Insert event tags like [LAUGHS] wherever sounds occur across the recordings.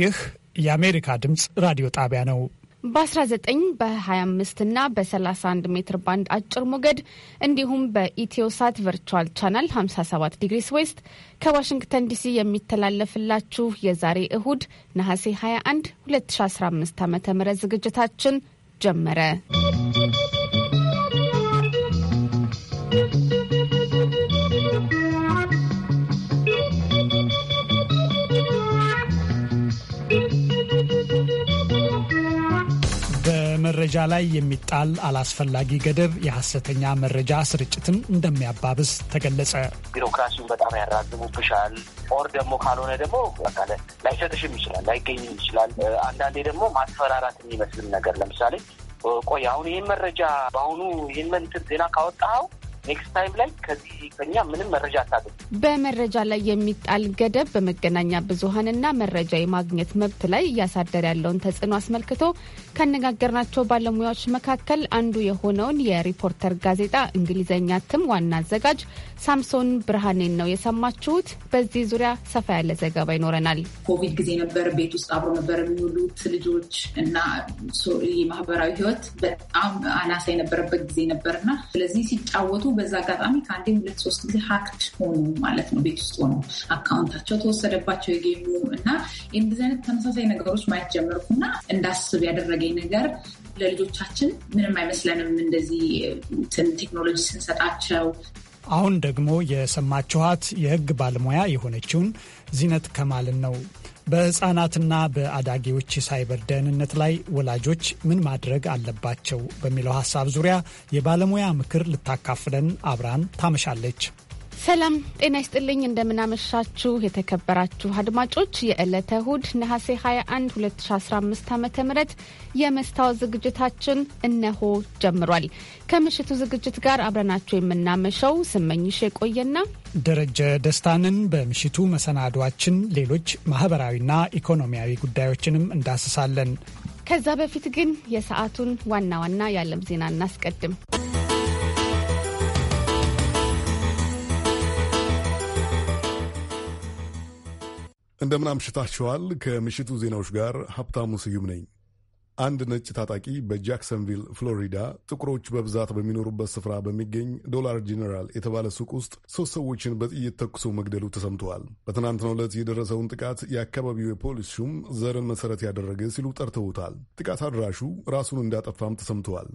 ይህ የአሜሪካ ድምፅ ራዲዮ ጣቢያ ነው። በ19 በ25 እና በ31 ሜትር ባንድ አጭር ሞገድ እንዲሁም በኢትዮሳት ቨርቹዋል ቻናል 57 ዲግሪስ ዌስት ከዋሽንግተን ዲሲ የሚተላለፍላችሁ የዛሬ እሁድ ነሐሴ 21 2015 ዓ ም ዝግጅታችን ጀመረ። መረጃ ላይ የሚጣል አላስፈላጊ ገደብ የሐሰተኛ መረጃ ስርጭትን እንደሚያባብስ ተገለጸ። ቢሮክራሲውን በጣም ያራዝሙብሻል። ኦር ደግሞ ካልሆነ ደግሞ ላይሰጥሽም ይችላል፣ ላይገኝም ይችላል። አንዳንዴ ደግሞ ማስፈራራት የሚመስልም ነገር ለምሳሌ ቆይ አሁን ይህን መረጃ በአሁኑ ይህን ዜና ካወጣኸው ኔክስት ታይም ላይ ከዚህ ከኛ ምንም መረጃ አታገኝ። በመረጃ ላይ የሚጣል ገደብ በመገናኛ ብዙሀንና መረጃ የማግኘት መብት ላይ እያሳደረ ያለውን ተጽዕኖ አስመልክቶ ካነጋገርናቸው ባለሙያዎች መካከል አንዱ የሆነውን የሪፖርተር ጋዜጣ እንግሊዘኛ እትም ዋና አዘጋጅ ሳምሶን ብርሃኔን ነው የሰማችሁት። በዚህ ዙሪያ ሰፋ ያለ ዘገባ ይኖረናል። ኮቪድ ጊዜ ነበር። ቤት ውስጥ አብሮ ነበር የሚውሉት ልጆች እና ማህበራዊ ህይወት በጣም አናሳ የነበረበት ጊዜ ነበርና ስለዚህ ሲጫወቱ በዛ አጋጣሚ ከአንዴ ሁለት ሶስት ጊዜ ሀክድ ሆኑ ማለት ነው። ቤት ውስጥ ሆነው አካውንታቸው ተወሰደባቸው የጌሙ እና እንደዚህ አይነት ተመሳሳይ ነገሮች ማየት ጀመርኩና እንዳስብ ያደረገኝ ነገር ለልጆቻችን ምንም አይመስለንም እንደዚህ ቴክኖሎጂ ስንሰጣቸው። አሁን ደግሞ የሰማችኋት የህግ ባለሙያ የሆነችውን ዚነት ከማልን ነው። በህፃናትና በአዳጊዎች የሳይበር ደህንነት ላይ ወላጆች ምን ማድረግ አለባቸው በሚለው ሀሳብ ዙሪያ የባለሙያ ምክር ልታካፍለን አብራን ታመሻለች። ሰላም ጤና ይስጥልኝ። እንደምናመሻችሁ የተከበራችሁ አድማጮች የዕለተ እሁድ ነሐሴ 21 2015 ዓ ም የመስታወት ዝግጅታችን እነሆ ጀምሯል። ከምሽቱ ዝግጅት ጋር አብረናችሁ የምናመሸው ስመኝሽ የቆየና ደረጀ ደስታንን በምሽቱ መሰናዷችን ሌሎች ማህበራዊና ኢኮኖሚያዊ ጉዳዮችንም እንዳስሳለን። ከዛ በፊት ግን የሰዓቱን ዋና ዋና የዓለም ዜና እናስቀድም። እንደምን አምሽታችኋል። ከምሽቱ ዜናዎች ጋር ሀብታሙ ስዩም ነኝ። አንድ ነጭ ታጣቂ በጃክሰንቪል ፍሎሪዳ ጥቁሮች በብዛት በሚኖሩበት ስፍራ በሚገኝ ዶላር ጄኔራል የተባለ ሱቅ ውስጥ ሶስት ሰዎችን በጥይት ተኩሶ መግደሉ ተሰምተዋል። በትናንትናው ዕለት የደረሰውን ጥቃት የአካባቢው የፖሊስ ሹም ዘርን መሠረት ያደረገ ሲሉ ጠርተውታል። ጥቃት አድራሹ ራሱን እንዳጠፋም ተሰምተዋል።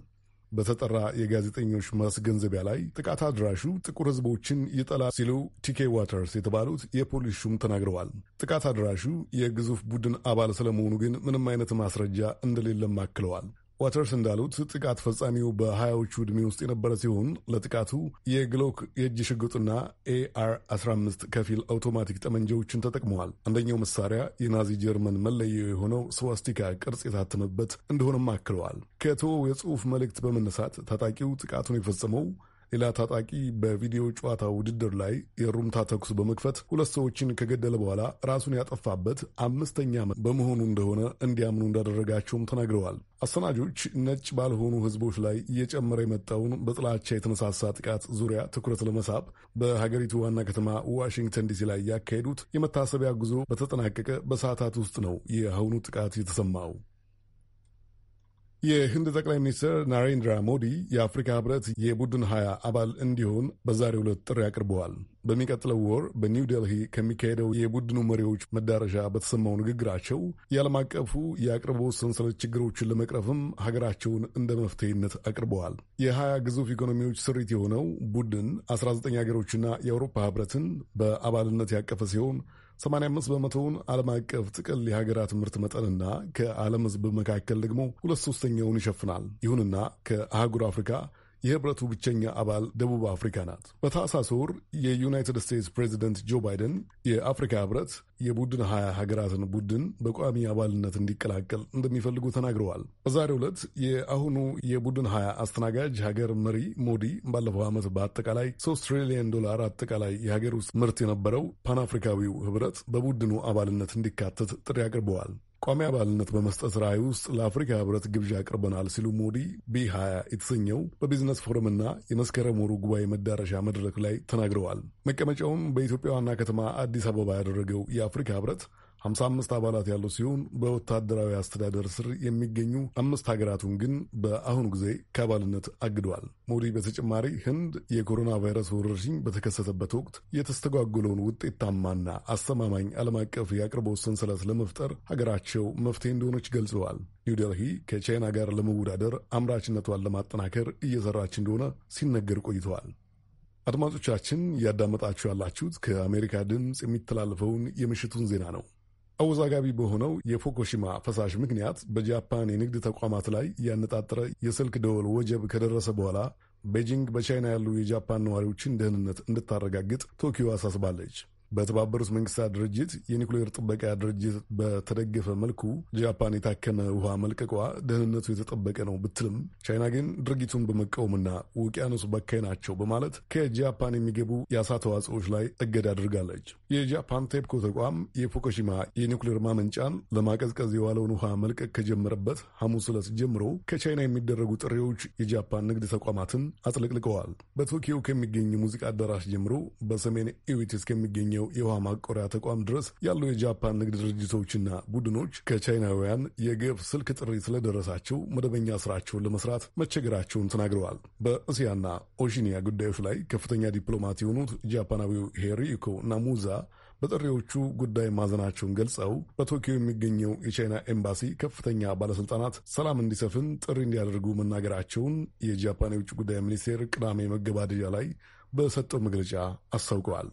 በተጠራ የጋዜጠኞች ማስገንዘቢያ ላይ ጥቃት አድራሹ ጥቁር ህዝቦችን ይጠላ ሲሉ ቲኬ ዋተርስ የተባሉት የፖሊስ ሹም ተናግረዋል። ጥቃት አድራሹ የግዙፍ ቡድን አባል ስለመሆኑ ግን ምንም አይነት ማስረጃ እንደሌለም አክለዋል። ዋተርስ እንዳሉት ጥቃት ፈጻሚው በሀያዎቹ ዕድሜ ውስጥ የነበረ ሲሆን ለጥቃቱ የግሎክ የእጅ ሽጉጥና ኤአር 15 ከፊል አውቶማቲክ ጠመንጃዎችን ተጠቅመዋል። አንደኛው መሳሪያ የናዚ ጀርመን መለየው የሆነው ስዋስቲካ ቅርጽ የታተመበት እንደሆነም አክለዋል። ከቶ የጽሑፍ መልእክት በመነሳት ታጣቂው ጥቃቱን የፈጸመው ሌላ ታጣቂ በቪዲዮ ጨዋታ ውድድር ላይ የሩምታ ተኩስ በመክፈት ሁለት ሰዎችን ከገደለ በኋላ ራሱን ያጠፋበት አምስተኛ ዓመት በመሆኑ እንደሆነ እንዲያምኑ እንዳደረጋቸውም ተናግረዋል። አሰናጆች ነጭ ባልሆኑ ሕዝቦች ላይ እየጨመረ የመጣውን በጥላቻ የተነሳሳ ጥቃት ዙሪያ ትኩረት ለመሳብ በሀገሪቱ ዋና ከተማ ዋሽንግተን ዲሲ ላይ ያካሄዱት የመታሰቢያ ጉዞ በተጠናቀቀ በሰዓታት ውስጥ ነው የአሁኑ ጥቃት የተሰማው። የህንድ ጠቅላይ ሚኒስትር ናሬንድራ ሞዲ የአፍሪካ ህብረት የቡድን ሀያ አባል እንዲሆን በዛሬው ዕለት ጥሪ አቅርበዋል። በሚቀጥለው ወር በኒው ዴልሂ ከሚካሄደው የቡድኑ መሪዎች መዳረሻ በተሰማው ንግግራቸው የዓለም አቀፉ የአቅርቦት ሰንሰለት ችግሮችን ለመቅረፍም ሀገራቸውን እንደ መፍትሄነት አቅርበዋል። የሀያ ግዙፍ ኢኮኖሚዎች ስሪት የሆነው ቡድን 19 ሀገሮችና የአውሮፓ ህብረትን በአባልነት ያቀፈ ሲሆን 85 በመቶውን ዓለም አቀፍ ጥቅል የሀገራት ምርት መጠንና ከዓለም ሕዝብ መካከል ደግሞ ሁለት ሶስተኛውን ይሸፍናል። ይሁንና ከአህጉር አፍሪካ የህብረቱ ብቸኛ አባል ደቡብ አፍሪካ ናት። በታህሳስ ወር የዩናይትድ ስቴትስ ፕሬዚደንት ጆ ባይደን የአፍሪካ ህብረት የቡድን ሀያ ሀገራትን ቡድን በቋሚ አባልነት እንዲቀላቀል እንደሚፈልጉ ተናግረዋል። በዛሬው ዕለት የአሁኑ የቡድን ሀያ አስተናጋጅ ሀገር መሪ ሞዲ ባለፈው ዓመት በአጠቃላይ ሶስት ትሪሊየን ዶላር አጠቃላይ የሀገር ውስጥ ምርት የነበረው ፓንአፍሪካዊው ህብረት በቡድኑ አባልነት እንዲካተት ጥሪ አቅርበዋል። ቋሚ አባልነት በመስጠት ራዕይ ውስጥ ለአፍሪካ ህብረት ግብዣ አቅርበናል ሲሉ ሞዲ ቢ20 የተሰኘው በቢዝነስ ፎረምና የመስከረም ወሩ ጉባኤ መዳረሻ መድረክ ላይ ተናግረዋል። መቀመጫውን በኢትዮጵያ ዋና ከተማ አዲስ አበባ ያደረገው የአፍሪካ ህብረት 55 አባላት ያለው ሲሆን በወታደራዊ አስተዳደር ስር የሚገኙ አምስት ሀገራቱን ግን በአሁኑ ጊዜ ከአባልነት አግደዋል። ሞዲ በተጨማሪ ህንድ የኮሮና ቫይረስ ወረርሽኝ በተከሰተበት ወቅት የተስተጓጎለውን ውጤታማና አስተማማኝ ዓለም አቀፍ የአቅርቦት ሰንሰለት ለመፍጠር ሀገራቸው መፍትሄ እንደሆነች ገልጸዋል። ኒውዴልሂ ከቻይና ጋር ለመወዳደር አምራችነቷን ለማጠናከር እየሰራች እንደሆነ ሲነገር ቆይተዋል። አድማጮቻችን እያዳመጣችሁ ያላችሁት ከአሜሪካ ድምፅ የሚተላለፈውን የምሽቱን ዜና ነው። አወዛጋቢ በሆነው የፉኩሺማ ፈሳሽ ምክንያት በጃፓን የንግድ ተቋማት ላይ ያነጣጠረ የስልክ ደወል ወጀብ ከደረሰ በኋላ ቤጂንግ በቻይና ያሉ የጃፓን ነዋሪዎችን ደህንነት እንድታረጋግጥ ቶኪዮ አሳስባለች። በተባበሩት መንግስታት ድርጅት የኒኩሌር ጥበቃ ድርጅት በተደገፈ መልኩ ጃፓን የታከመ ውሃ መልቀቋ ደህንነቱ የተጠበቀ ነው ብትልም ቻይና ግን ድርጊቱን በመቃወምና ውቅያኖስ በካይ ናቸው በማለት ከጃፓን የሚገቡ የአሳ ተዋጽኦች ላይ እገዳ አድርጋለች። የጃፓን ቴፕኮ ተቋም የፉኩሺማ የኒውክሌር ማመንጫን ለማቀዝቀዝ የዋለውን ውሃ መልቀቅ ከጀመረበት ሐሙስ ዕለት ጀምሮ ከቻይና የሚደረጉ ጥሪዎች የጃፓን ንግድ ተቋማትን አጥለቅልቀዋል። በቶኪዮ ከሚገኝ ሙዚቃ አዳራሽ ጀምሮ በሰሜን ኢዊትስ ከሚገኝ የሚገኘው የውሃ ማቆሪያ ተቋም ድረስ ያሉ የጃፓን ንግድ ድርጅቶችና ቡድኖች ከቻይናውያን የገብ ስልክ ጥሪ ስለደረሳቸው መደበኛ ስራቸውን ለመስራት መቸገራቸውን ተናግረዋል። በእስያና ኦሺኒያ ጉዳዮች ላይ ከፍተኛ ዲፕሎማት የሆኑት ጃፓናዊው ሄሪኮ ናሙዛ በጥሪዎቹ ጉዳይ ማዘናቸውን ገልጸው በቶኪዮ የሚገኘው የቻይና ኤምባሲ ከፍተኛ ባለስልጣናት ሰላም እንዲሰፍን ጥሪ እንዲያደርጉ መናገራቸውን የጃፓን የውጭ ጉዳይ ሚኒስቴር ቅዳሜ መገባደጃ ላይ በሰጠው መግለጫ አስታውቀዋል።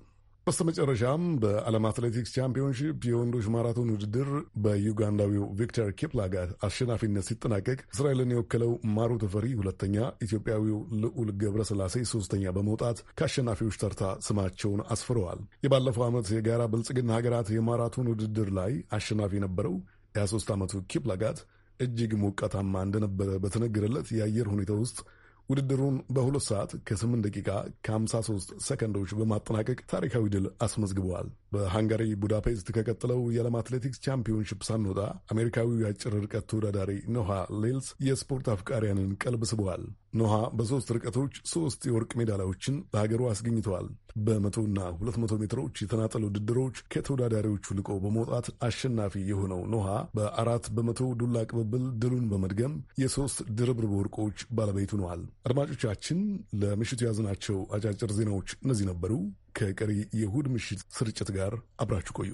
በስተመጨረሻም በዓለም አትሌቲክስ ቻምፒዮንሺፕ የወንዶች ማራቶን ውድድር በዩጋንዳዊው ቪክተር ኪፕላጋት አሸናፊነት ሲጠናቀቅ እስራኤልን የወከለው ማሩ ተፈሪ ሁለተኛ፣ ኢትዮጵያዊው ልዑል ገብረ ስላሴ ሶስተኛ በመውጣት ከአሸናፊዎች ተርታ ስማቸውን አስፍረዋል። የባለፈው ዓመት የጋራ ብልጽግና ሀገራት የማራቶን ውድድር ላይ አሸናፊ የነበረው የ23 ዓመቱ ኪፕላጋት እጅግ ሞቃታማ እንደነበረ በተነገረለት የአየር ሁኔታ ውስጥ ውድድሩን በሁለት ሰዓት ከ8 ደቂቃ ከ53 ሰከንዶች በማጠናቀቅ ታሪካዊ ድል አስመዝግበዋል። በሃንጋሪ ቡዳፔስት ከቀጥለው የዓለም አትሌቲክስ ቻምፒዮንሺፕ ሳንወጣ አሜሪካዊው የአጭር ርቀት ተወዳዳሪ ኖሃ ሌልስ የስፖርት አፍቃሪያንን ቀልብ ስበዋል። ኖሃ በሦስት ርቀቶች ሦስት የወርቅ ሜዳሊያዎችን ለሀገሩ አስገኝተዋል። በመቶና ሁለት መቶ ሜትሮች የተናጠሉ ውድድሮች ከተወዳዳሪዎቹ ልቆ በመውጣት አሸናፊ የሆነው ኖሃ በአራት በመቶ ዱላ ቅብብል ድሉን በመድገም የሦስት ድርብርብ ወርቆች ባለቤት ሆነዋል። አድማጮቻችን፣ ለምሽቱ የያዝናቸው አጫጭር ዜናዎች እነዚህ ነበሩ። ከቀሪ የእሁድ ምሽት ስርጭት ጋር አብራችሁ ቆዩ።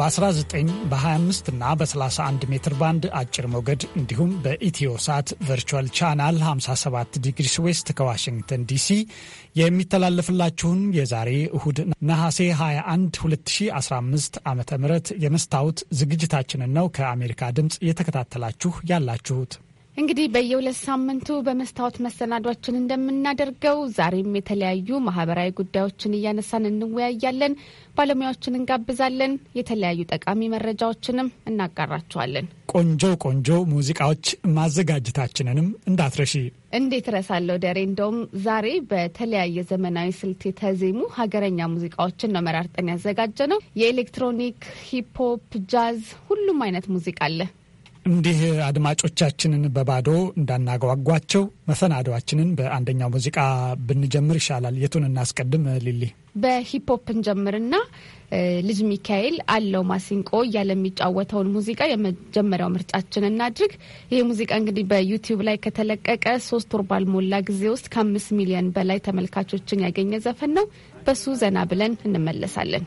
በ19 በ25 እና በ31 ሜትር ባንድ አጭር ሞገድ እንዲሁም በኢትዮ ሳት ቨርቹዋል ቻናል 57 ዲግሪ ዌስት ከዋሽንግተን ዲሲ የሚተላለፍላችሁን የዛሬ እሁድ ነሐሴ 21 2015 ዓ ም የመስታወት ዝግጅታችንን ነው ከአሜሪካ ድምፅ እየተከታተላችሁ ያላችሁት። እንግዲህ በየሁለት ሳምንቱ በመስታወት መሰናዷችን እንደምናደርገው ዛሬም የተለያዩ ማህበራዊ ጉዳዮችን እያነሳን እንወያያለን። ባለሙያዎችን እንጋብዛለን። የተለያዩ ጠቃሚ መረጃዎችንም እናጋራችኋለን። ቆንጆ ቆንጆ ሙዚቃዎች ማዘጋጀታችንንም እንዳትረሺ። እንዴት ረሳለሁ ደሬ። እንደውም ዛሬ በተለያየ ዘመናዊ ስልት የተዜሙ ሀገረኛ ሙዚቃዎችን ነው መራርጠን ያዘጋጀ ነው። የኤሌክትሮኒክ ሂፕሆፕ፣ ጃዝ፣ ሁሉም አይነት ሙዚቃ አለ። እንዲህ አድማጮቻችንን በባዶ እንዳናጓጓቸው መሰናዶዋችንን በአንደኛው ሙዚቃ ብንጀምር ይሻላል። የቱን እናስቀድም? ሊሊ በሂፖፕ እንጀምርና ልጅ ሚካኤል አለው ማሲንቆ እያለ የሚጫወተውን ሙዚቃ የመጀመሪያው ምርጫችን እናድርግ። ይህ ሙዚቃ እንግዲህ በዩቲዩብ ላይ ከተለቀቀ ሶስት ወር ባልሞላ ጊዜ ውስጥ ከአምስት ሚሊዮን በላይ ተመልካቾችን ያገኘ ዘፈን ነው። በሱ ዘና ብለን እንመለሳለን።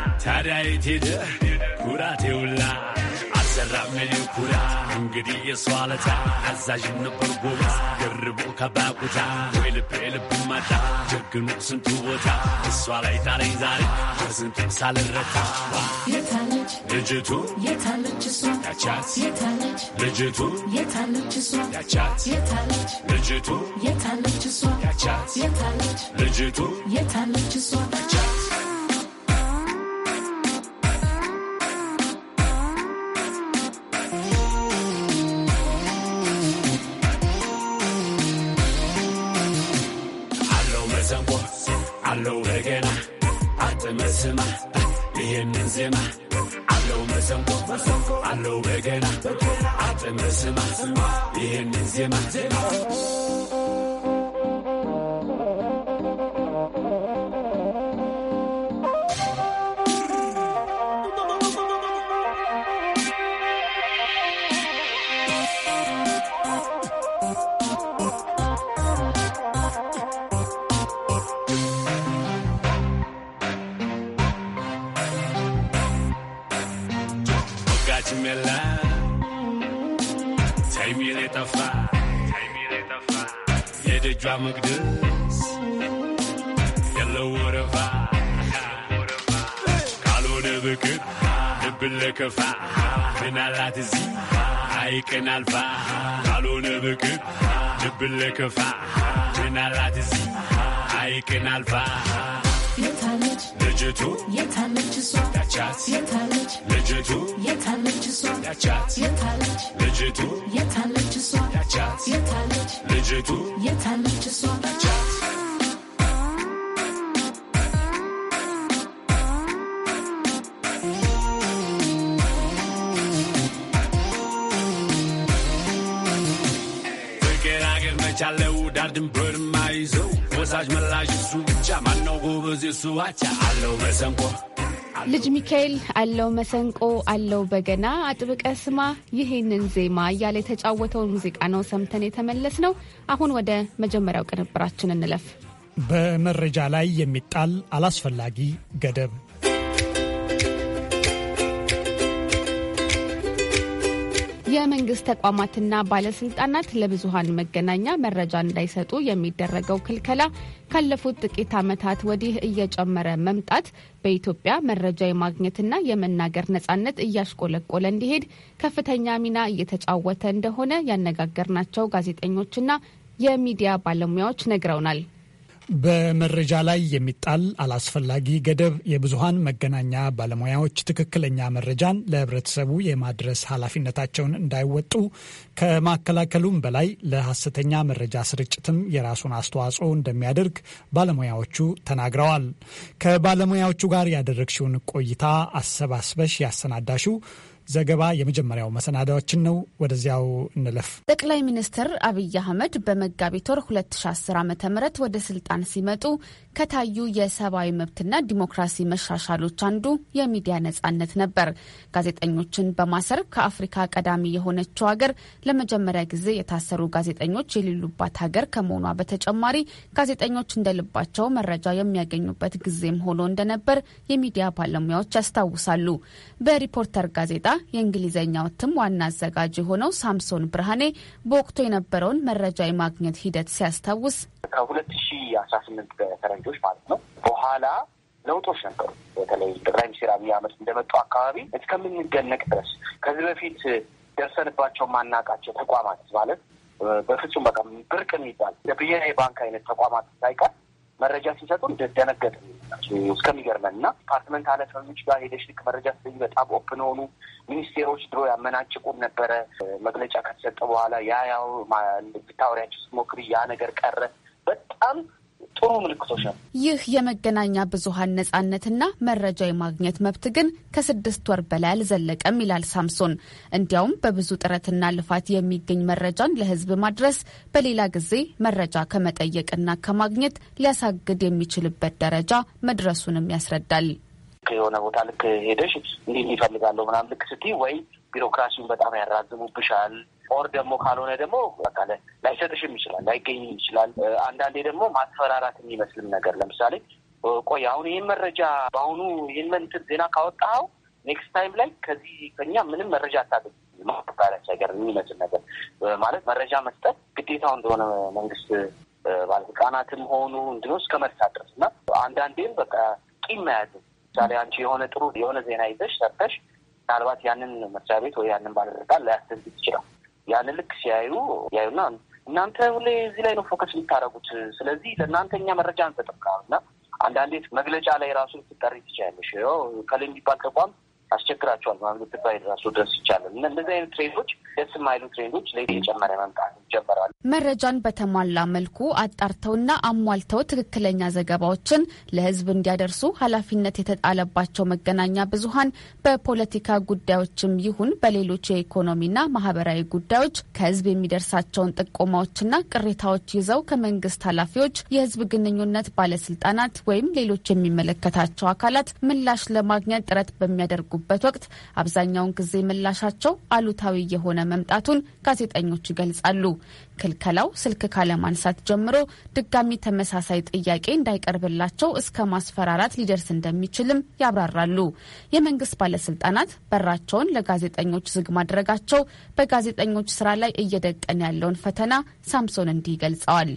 ታዲያ የት ሄደ ኩራት የውላ አልሰራም ኩራ እንግዲህ የሷ አለታ አዛዥ ነበር ጎበዝ ገርቦ ከባቁታ ወይ ልብ ልብ ማታ ጀግኖ ስንቱ ቦታ እሷ ላይ ጣለኝ ዛሬ በስንቱ ሳልረታ የታለች ልጅቱ የታለች እሷ ያቻት የታለች ልጅቱ የታለች እሷ ያቻት የታለች ልጅቱ የታለች እሷ ያቻት የታለች ልጅቱ የታለች እሷ ያቻት ስማ ይህንን ዜማ አለው መሰንቆ አለው በገና አጥምር ስማ ይህንን ዜማ የደጇ መቅደስ ያለው ወረፋ ካልሆነ ብቅር ልብን ለከፋ ምናላት እዚህ አይቀን አልፋ ካልሆነ ብቅር ልብን ለከፋ ምናላት እዚህ አይቀን አልፋ የታለች ልጅቱ የታለች እሷ ያቻት የታለች ልጅቱ የታለች እሷ ያቻት የታለች ልጅቱ የታለች እሷ ያቻት የታለች ልጅቱ የታለች እሷ ፍቅር አገር መቻለው ዳር መላሽ እሱ ብቻ ማነው ጎበዝ እሱ አቻ አለው መሰንቆ ልጅ ሚካኤል አለው መሰንቆ አለው በገና አጥብቀ ስማ ይህንን ዜማ እያለ የተጫወተውን ሙዚቃ ነው ሰምተን የተመለስ ነው። አሁን ወደ መጀመሪያው ቅንብራችን እንለፍ። በመረጃ ላይ የሚጣል አላስፈላጊ ገደብ የመንግስት ተቋማትና ባለስልጣናት ለብዙሀን መገናኛ መረጃ እንዳይሰጡ የሚደረገው ክልከላ ካለፉት ጥቂት ዓመታት ወዲህ እየጨመረ መምጣት በኢትዮጵያ መረጃ የማግኘትና የመናገር ነጻነት እያሽቆለቆለ እንዲሄድ ከፍተኛ ሚና እየተጫወተ እንደሆነ ያነጋገርናቸው ጋዜጠኞችና የሚዲያ ባለሙያዎች ነግረውናል። በመረጃ ላይ የሚጣል አላስፈላጊ ገደብ የብዙሀን መገናኛ ባለሙያዎች ትክክለኛ መረጃን ለህብረተሰቡ የማድረስ ኃላፊነታቸውን እንዳይወጡ ከማከላከሉም በላይ ለሐሰተኛ መረጃ ስርጭትም የራሱን አስተዋጽኦ እንደሚያደርግ ባለሙያዎቹ ተናግረዋል። ከባለሙያዎቹ ጋር ያደረግሽውን ቆይታ አሰባስበሽ ያሰናዳሹ ዘገባ የመጀመሪያው መሰናዳዎችን ነው። ወደዚያው እንለፍ። ጠቅላይ ሚኒስትር አብይ አህመድ በመጋቢት ወር 2010 ዓ ም ወደ ስልጣን ሲመጡ ከታዩ የሰብአዊ መብትና ዲሞክራሲ መሻሻሎች አንዱ የሚዲያ ነጻነት ነበር። ጋዜጠኞችን በማሰር ከአፍሪካ ቀዳሚ የሆነችው ሀገር ለመጀመሪያ ጊዜ የታሰሩ ጋዜጠኞች የሌሉባት ሀገር ከመሆኗ በተጨማሪ ጋዜጠኞች እንደልባቸው መረጃ የሚያገኙበት ጊዜም ሆኖ እንደነበር የሚዲያ ባለሙያዎች ያስታውሳሉ። በሪፖርተር ጋዜጣ የእንግሊዝኛ እትም ዋና አዘጋጅ የሆነው ሳምሶን ብርሃኔ በወቅቱ የነበረውን መረጃ የማግኘት ሂደት ሲያስታውስ ከሁለት ሺ አስራ ስምንት በፈረንጆች ማለት ነው በኋላ ለውጦች ነበሩ። በተለይ ጠቅላይ ሚኒስትር አብይ አህመድ እንደመጡ አካባቢ እስከምንገነቅ ድረስ ከዚህ በፊት ደርሰንባቸው ማናቃቸው ተቋማት ማለት በፍጹም በቃ ብርቅ የሚባል የብሔራዊ ባንክ አይነት ተቋማት ሳይቀር መረጃ ሲሰጡ እንደደነገጥ እስከሚገርመን እና ዲፓርትመንት ኃላፊዎች ጋር ሄደሽ ልክ መረጃ ስትይ በጣም ኦፕን ሆኑ። ሚኒስቴሮች ድሮ ያመናጭቁን ነበረ። መግለጫ ከተሰጠ በኋላ ያ ያው ብታወሪያቸው ስትሞክሪ ያ ነገር ቀረ። በጣም ጥሩ ምልክቶች ነው። ይህ የመገናኛ ብዙሀን ነጻነትና መረጃ የማግኘት መብት ግን ከስድስት ወር በላይ አልዘለቀም ይላል ሳምሶን። እንዲያውም በብዙ ጥረትና ልፋት የሚገኝ መረጃን ለህዝብ ማድረስ በሌላ ጊዜ መረጃ ከመጠየቅና ከማግኘት ሊያሳግድ የሚችልበት ደረጃ መድረሱንም ያስረዳል። የሆነ ቦታ ልክ ሄደሽ እንዲህ ይፈልጋለሁ ምናምን ልክ ስትይ ወይ ቢሮክራሲውን በጣም ያራዝሙብሻል ኦር ደግሞ ካልሆነ ደግሞ በቃ ላይሰጥሽም ይችላል፣ ላይገኝም ይችላል። አንዳንዴ ደግሞ ማስፈራራት የሚመስልም ነገር ለምሳሌ ቆይ አሁን ይህን መረጃ በአሁኑ ይህን መንትር ዜና ካወጣኸው ኔክስት ታይም ላይ ከዚህ ከኛ ምንም መረጃ አታገኝ ማባላች ነገር የሚመስል ነገር ማለት መረጃ መስጠት ግዴታው እንደሆነ መንግስት ባለስልጣናትም ሆኑ እንድኖ እስከ መርሳት ድረስ እና አንዳንዴም በቃ ቂም መያዝ ምሳሌ አንቺ የሆነ ጥሩ የሆነ ዜና ይዘሽ ሰርተሽ ምናልባት ያንን መስሪያ ቤት ወይ ያንን ባለስልጣን ላያስደንግጥ ይችላል። ያንን ልክ ሲያዩ ያዩና እናንተ ሁሌ እዚህ ላይ ነው ፎከስ የምታደርጉት፣ ስለዚህ ለእናንተ እኛ መረጃ አንሰጥም ካሉና አንዳንዴት መግለጫ ላይ ራሱ ትጠሪ ትችያለሽ። ከሌ የሚባል ተቋም አስቸግራቸዋል ማለት ትባይ ድረስ ይቻላል። እነዚህ አይነት ትሬንዶች፣ ደስ የማይሉ ትሬንዶች ላይ የጨመረ መምጣት ይጀመራል። መረጃን በተሟላ መልኩ አጣርተውና አሟልተው ትክክለኛ ዘገባዎችን ለህዝብ እንዲያደርሱ ኃላፊነት የተጣለባቸው መገናኛ ብዙሀን በፖለቲካ ጉዳዮችም ይሁን በሌሎች የኢኮኖሚና ማህበራዊ ጉዳዮች ከህዝብ የሚደርሳቸውን ጥቆማዎችና ቅሬታዎች ይዘው ከመንግስት ኃላፊዎች፣ የህዝብ ግንኙነት ባለስልጣናት ወይም ሌሎች የሚመለከታቸው አካላት ምላሽ ለማግኘት ጥረት በሚያደርጉ በሚያቀርቡበት ወቅት አብዛኛውን ጊዜ ምላሻቸው አሉታዊ የሆነ መምጣቱን ጋዜጠኞች ይገልጻሉ። ክልከላው ስልክ ካለማንሳት ጀምሮ ድጋሚ ተመሳሳይ ጥያቄ እንዳይቀርብላቸው እስከ ማስፈራራት ሊደርስ እንደሚችልም ያብራራሉ። የመንግስት ባለስልጣናት በራቸውን ለጋዜጠኞች ዝግ ማድረጋቸው በጋዜጠኞች ስራ ላይ እየደቀን ያለውን ፈተና ሳምሶን እንዲህ ገልጸዋል።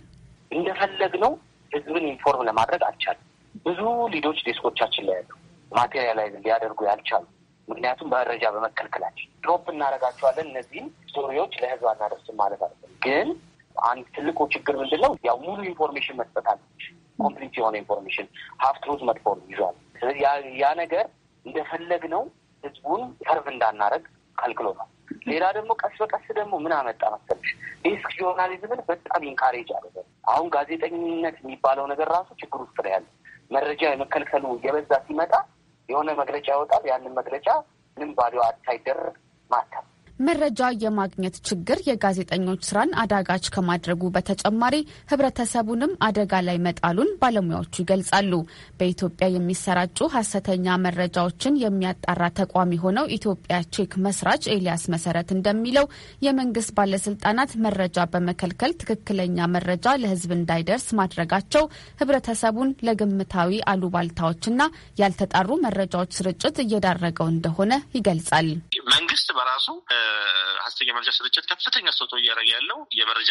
እንደፈለግነው ህዝብን ኢንፎርም ለማድረግ አልቻለም። ብዙ ሊዶች ዴስኮቻችን ላይ ያሉ ማቴሪያላይዝ ሊያደርጉ ያልቻሉ ምክንያቱም በመረጃ በመከልከላቸው ድሮፕ እናደርጋቸዋለን። እነዚህም ስቶሪዎች ለህዝብ አናደርስም ማለት አለ። ግን አንድ ትልቁ ችግር ምንድን ነው? ያው ሙሉ ኢንፎርሜሽን መስጠት አለች። ኮምፕሊት የሆነ ኢንፎርሜሽን ሀፍ ትሩዝ መጥፎ ይዟል። ስለዚህ ያ ነገር እንደፈለግ ነው ህዝቡን ሰርቭ እንዳናደረግ ከልክሎናል። ሌላ ደግሞ ቀስ በቀስ ደግሞ ምን አመጣ መሰለሽ ዴስክ ጆርናሊዝምን በጣም ኢንካሬጅ አደረገ። አሁን ጋዜጠኝነት የሚባለው ነገር ራሱ ችግር ውስጥ ነው ያለ። መረጃ የመከልከሉ የበዛ ሲመጣ የሆነ መግለጫ ያወጣል። ያንን መግለጫ ምንም ባዶ አታይደር ማተም መረጃ የማግኘት ችግር የጋዜጠኞች ስራን አዳጋች ከማድረጉ በተጨማሪ ህብረተሰቡንም አደጋ ላይ መጣሉን ባለሙያዎቹ ይገልጻሉ። በኢትዮጵያ የሚሰራጩ ሀሰተኛ መረጃዎችን የሚያጣራ ተቋም የሆነው ኢትዮጵያ ቼክ መስራች ኤልያስ መሰረት እንደሚለው የመንግስት ባለስልጣናት መረጃ በመከልከል ትክክለኛ መረጃ ለህዝብ እንዳይደርስ ማድረጋቸው ህብረተሰቡን ለግምታዊ አሉባልታዎችና ያልተጣሩ መረጃዎች ስርጭት እየዳረገው እንደሆነ ይገልጻል። መንግስት በራሱ አስተኛ መረጃ ስርጭት ከፍተኛ አስተዋጽኦ እያደረገ ያለው የመረጃ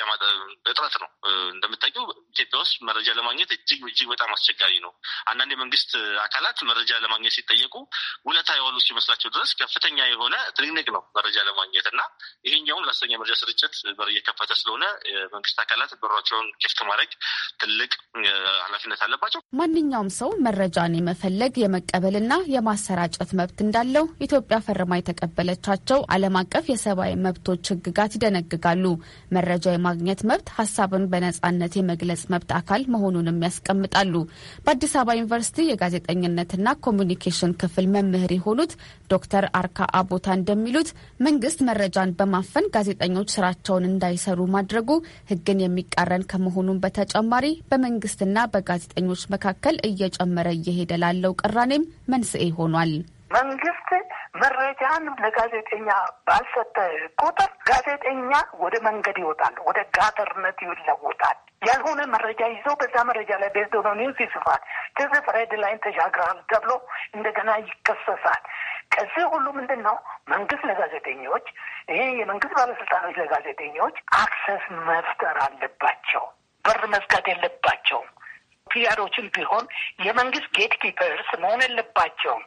እጥረት ነው። እንደምታየው ኢትዮጵያ ውስጥ መረጃ ለማግኘት እጅግ እጅግ በጣም አስቸጋሪ ነው። አንዳንድ የመንግስት አካላት መረጃ ለማግኘት ሲጠየቁ ውለታ የዋሉ ሲመስላቸው ድረስ ከፍተኛ የሆነ ትንቅንቅ ነው መረጃ ለማግኘት እና ይሄኛውም ለሀሰተኛ መረጃ ስርጭት በር እየከፈተ ስለሆነ የመንግስት አካላት በሯቸውን ክፍት ማድረግ ትልቅ ኃላፊነት አለባቸው። ማንኛውም ሰው መረጃን የመፈለግ የመቀበልና የማሰራጨት መብት እንዳለው ኢትዮጵያ ፈርማ የተቀበለቻቸው ዓለም አቀፍ አቀፍ የሰብአዊ መብቶች ህግጋት ይደነግጋሉ። መረጃ የማግኘት መብት፣ ሀሳብን በነጻነት የመግለጽ መብት አካል መሆኑንም ያስቀምጣሉ። በአዲስ አበባ ዩኒቨርሲቲ የጋዜጠኝነትና ኮሚኒኬሽን ክፍል መምህር የሆኑት ዶክተር አርካ አቦታ እንደሚሉት መንግስት መረጃን በማፈን ጋዜጠኞች ስራቸውን እንዳይሰሩ ማድረጉ ህግን የሚቃረን ከመሆኑን በተጨማሪ በመንግስትና በጋዜጠኞች መካከል እየጨመረ እየሄደ ላለው ቅራኔም መንስኤ ሆኗል። መንግስት መረጃን ለጋዜጠኛ ባልሰጠ ቁጥር ጋዜጠኛ ወደ መንገድ ይወጣል፣ ወደ ጋተርነት ይለወጣል። ያልሆነ መረጃ ይዞ በዛ መረጃ ላይ ቤዝድ ኦን ኒውስ ይጽፋል። ትዝፍ ሬድ ላይን ተሻግራል ተብሎ እንደገና ይከሰሳል። ከዚህ ሁሉ ምንድን ነው መንግስት ለጋዜጠኞች ይሄ የመንግስት ባለስልጣኖች ለጋዜጠኞች አክሰስ መፍጠር አለባቸው። በር መዝጋት የለባቸውም። ፒያሮችም ቢሆን የመንግስት ጌት ኪፐርስ መሆን የለባቸውም።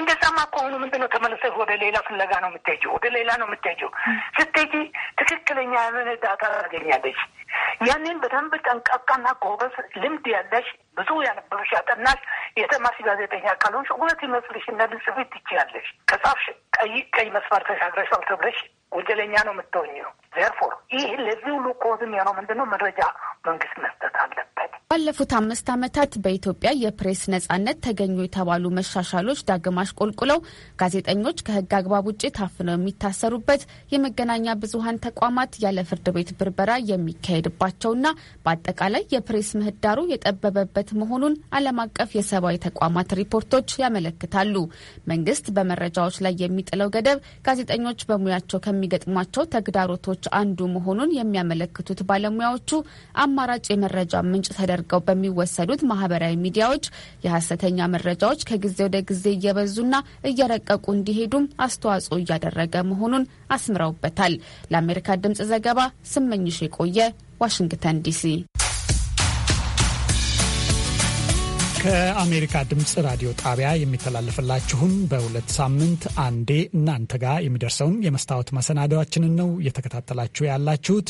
እንደዛማ ከሆኑ ምንድን ነው ተመልሰሽ ወደ ሌላ ፍለጋ ነው የምትሄጂው፣ ወደ ሌላ ነው የምትሄጂው። ስትሄጂ ትክክለኛ ያንን ዳታ ታገኛለች። ያንን በደንብ ጠንቃቃና ጎበዝ ልምድ ያለሽ ብዙ ያነበብሽ ያጠናሽ የተማርሽ ጋዜጠኛ ካልሆንሽ እውነት ይመስልሽ ይመስልሽና ልጽፊ ትችያለሽ። ከጻፍሽ ቀይ ቀይ መስመር ተሻግረሽ ተብለሽ ወንጀለኛ ነው የምትሆኝ ነው። ዘርፎር ይህ ለዚህ ሁሉ ኮዝም የሚሆነው ምንድን ነው መረጃ መንግስት መስጠት አለብን። ባለፉት አምስት ዓመታት በኢትዮጵያ የፕሬስ ነጻነት ተገኙ የተባሉ መሻሻሎች ዳግም አሽቆልቁለው ጋዜጠኞች ከሕግ አግባብ ውጭ ታፍነው የሚታሰሩበት የመገናኛ ብዙሀን ተቋማት ያለ ፍርድ ቤት ብርበራ የሚካሄድባቸውና በአጠቃላይ የፕሬስ ምህዳሩ የጠበበበት መሆኑን ዓለም አቀፍ የሰብአዊ ተቋማት ሪፖርቶች ያመለክታሉ። መንግስት በመረጃዎች ላይ የሚጥለው ገደብ ጋዜጠኞች በሙያቸው ከሚገጥሟቸው ተግዳሮቶች አንዱ መሆኑን የሚያመለክቱት ባለሙያዎቹ አማራጭ የመረጃ ምንጭ ተደ ተደርገው በሚወሰዱት ማህበራዊ ሚዲያዎች የሀሰተኛ መረጃዎች ከጊዜ ወደ ጊዜ እየበዙና እየረቀቁ እንዲሄዱም አስተዋጽኦ እያደረገ መሆኑን አስምረውበታል። ለአሜሪካ ድምጽ ዘገባ ስመኝሽ የቆየ ዋሽንግተን ዲሲ። ከአሜሪካ ድምፅ ራዲዮ ጣቢያ የሚተላለፍላችሁን በሁለት ሳምንት አንዴ እናንተ ጋር የሚደርሰውን የመስታወት መሰናዳዎችንን ነው እየተከታተላችሁ ያላችሁት።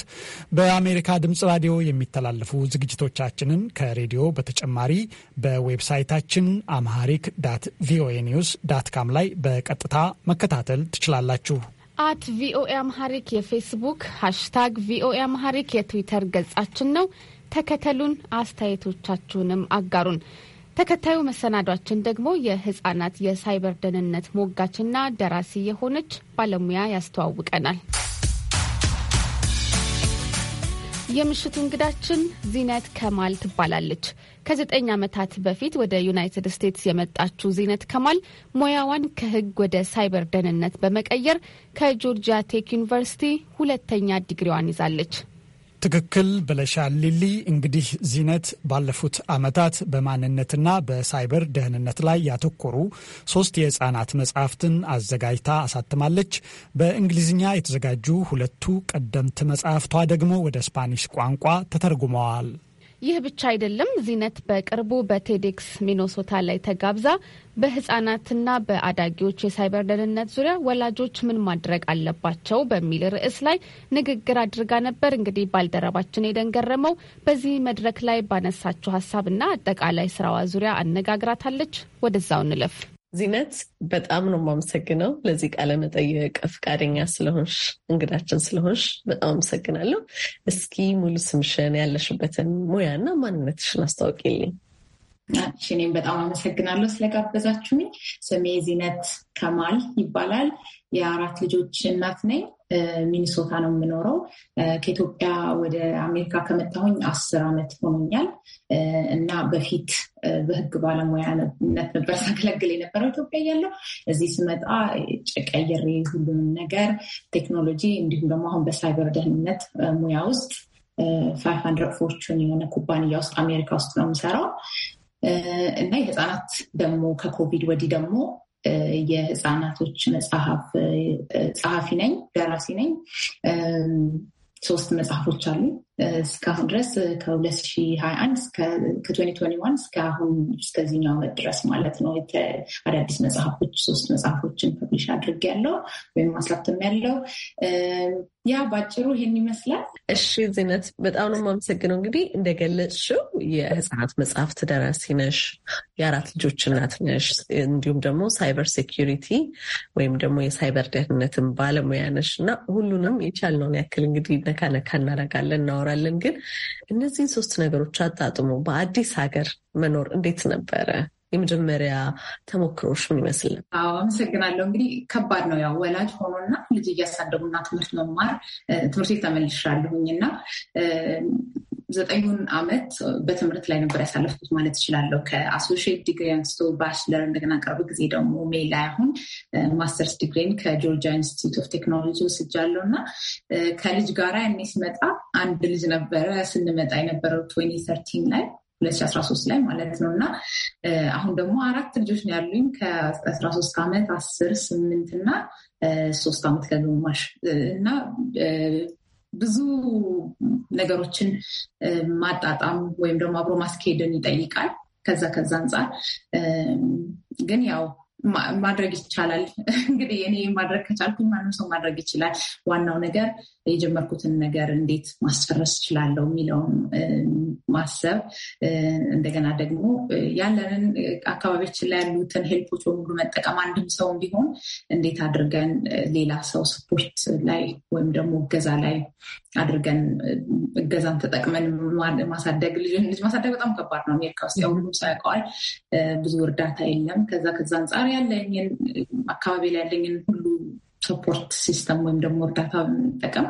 በአሜሪካ ድምፅ ራዲዮ የሚተላለፉ ዝግጅቶቻችንን ከሬዲዮ በተጨማሪ በዌብሳይታችን አምሃሪክ ዳት ቪኦኤ ኒውስ ዳት ካም ላይ በቀጥታ መከታተል ትችላላችሁ። አት ቪኦኤ አምሃሪክ የፌስቡክ ሃሽታግ ቪኦኤ አምሃሪክ የትዊተር ገጻችን ነው። ተከተሉን፣ አስተያየቶቻችሁንም አጋሩን። ተከታዩ መሰናዷችን ደግሞ የህጻናት የሳይበር ደህንነት ሞጋችና ደራሲ የሆነች ባለሙያ ያስተዋውቀናል። የምሽቱ እንግዳችን ዚነት ከማል ትባላለች። ከዘጠኝ ዓመታት በፊት ወደ ዩናይትድ ስቴትስ የመጣችው ዚነት ከማል ሙያዋን ከህግ ወደ ሳይበር ደህንነት በመቀየር ከጆርጂያ ቴክ ዩኒቨርሲቲ ሁለተኛ ዲግሪዋን ይዛለች። ትክክል ብለሻል ሊሊ። እንግዲህ ዚነት ባለፉት ዓመታት በማንነትና በሳይበር ደህንነት ላይ ያተኮሩ ሶስት የህፃናት መጽሐፍትን አዘጋጅታ አሳትማለች። በእንግሊዝኛ የተዘጋጁ ሁለቱ ቀደምት መጽሐፍቷ ደግሞ ወደ ስፓኒሽ ቋንቋ ተተርጉመዋል። ይህ ብቻ አይደለም። ዚነት በቅርቡ በቴዴክስ ሚኖሶታ ላይ ተጋብዛ በህጻናትና በአዳጊዎች የሳይበር ደህንነት ዙሪያ ወላጆች ምን ማድረግ አለባቸው በሚል ርዕስ ላይ ንግግር አድርጋ ነበር። እንግዲህ ባልደረባችን ኤደን ገረመው በዚህ መድረክ ላይ ባነሳችው ሀሳብና አጠቃላይ ስራዋ ዙሪያ አነጋግራታለች። ወደዛው እንለፍ። ዚነት በጣም ነው የማመሰግነው ለዚህ ቃለ መጠየቅ ፈቃደኛ ስለሆንሽ እንግዳችን ስለሆንሽ በጣም አመሰግናለሁ። እስኪ ሙሉ ስምሽን፣ ያለሽበትን ሙያና ማንነትሽን አስታውቂልኝ። እኔም በጣም አመሰግናለሁ ስለጋበዛችሁኝ። ስሜ ዚነት ከማል ይባላል። የአራት ልጆች እናት ነኝ። ሚኒሶታ ነው የምኖረው። ከኢትዮጵያ ወደ አሜሪካ ከመጣሁኝ አስር ዓመት ሆኖኛል እና በፊት በህግ ባለሙያነት ነበር ሳገለግል የነበረው ኢትዮጵያ እያለሁ። እዚህ ስመጣ ቀይሬ ሁሉንም ነገር ቴክኖሎጂ፣ እንዲሁም ደግሞ አሁን በሳይበር ደህንነት ሙያ ውስጥ ፋይቭ ሀንድረድ ፎርቹን የሆነ ኩባንያ ውስጥ አሜሪካ ውስጥ ነው የምሰራው እና የህፃናት ደግሞ ከኮቪድ ወዲህ ደግሞ የህፃናቶች መጽሐፍ ጸሐፊ ነኝ፣ ደራሲ ነኝ። ሶስት መጽሐፎች አሉኝ። እስካሁን ድረስ ከ2021 ከ2021 እስከ እስከዚህኛው ዓመት ድረስ ማለት ነው። አዳዲስ መጽሐፎች ሶስት መጽሐፎችን ፐብሊሽ አድርግ ያለው ወይም ማስላብትም ያለው ያ ባጭሩ ይህን ይመስላል። እሺ ዜነት በጣም ነው የማመሰግነው። እንግዲህ እንደገለጽሽው የህፃናት መጽሐፍት ደራሲ ነሽ፣ የአራት ልጆች እናት ነሽ፣ እንዲሁም ደግሞ ሳይበር ሴኪሪቲ ወይም ደግሞ የሳይበር ደህንነትን ባለሙያ ነሽ እና ሁሉንም የቻልነውን ያክል እንግዲህ ነካ ነካ እናደርጋለን እናወራ እናወራለን። ግን እነዚህን ሶስት ነገሮች አጣጥሞ በአዲስ ሀገር መኖር እንዴት ነበረ? የመጀመሪያ ተሞክሮች ምን ይመስል አዎ አመሰግናለሁ። እንግዲህ ከባድ ነው። ያው ወላጅ ሆኖና ልጅ እያሳደጉና ትምህርት መማር ትምህርት ቤት ተመልሻለሁኝ እና ዘጠኙን አመት በትምህርት ላይ ነበር ያሳለፍኩት ማለት እችላለሁ። ከአሶሽት ዲግሪ አንስቶ ባችለር፣ እንደገና ቅርብ ጊዜ ደግሞ ሜይ ላይ አሁን ማስተርስ ዲግሪን ከጆርጂያ ኢንስቲትዩት ኦፍ ቴክኖሎጂ ወስጃለሁ እና ከልጅ ጋራ ያኔ ስመጣ አንድ ልጅ ነበረ ስንመጣ የነበረው ትዌንቲ ሰርቲን ላይ 2013 ላይ ማለት ነው እና አሁን ደግሞ አራት ልጆች ነው ያሉኝ ከ13 ዓመት፣ 10፣ 8 እና ሶስት ዓመት ከግማሽ እና ብዙ ነገሮችን ማጣጣም ወይም ደግሞ አብሮ ማስኬድን ይጠይቃል። ከዛ ከዛ አንጻር ግን ያው ማድረግ ይቻላል። [LAUGHS] እንግዲህ እኔ ማድረግ ከቻልኩኝ ማንም ሰው ማድረግ ይችላል። ዋናው ነገር የጀመርኩትን ነገር እንዴት ማስፈረስ እችላለሁ የሚለውን ማሰብ፣ እንደገና ደግሞ ያለንን አካባቢያችን ላይ ያሉትን ሄልፖች በሙሉ መጠቀም፣ አንድም ሰው ቢሆን እንዴት አድርገን ሌላ ሰው ስፖርት ላይ ወይም ደግሞ እገዛ ላይ አድርገን እገዛን ተጠቅመን ማሳደግ ልጅን ልጅ ማሳደግ በጣም ከባድ ነው። አሜሪካ ውስጥ ያው ሁሉም ሰው ያውቀዋል። ብዙ እርዳታ የለም። ከዛ ከዛ አንጻር ያለኝን አካባቢ ላይ ያለኝን ሁሉ ሰፖርት ሲስተም ወይም ደግሞ እርዳታ በመጠቀም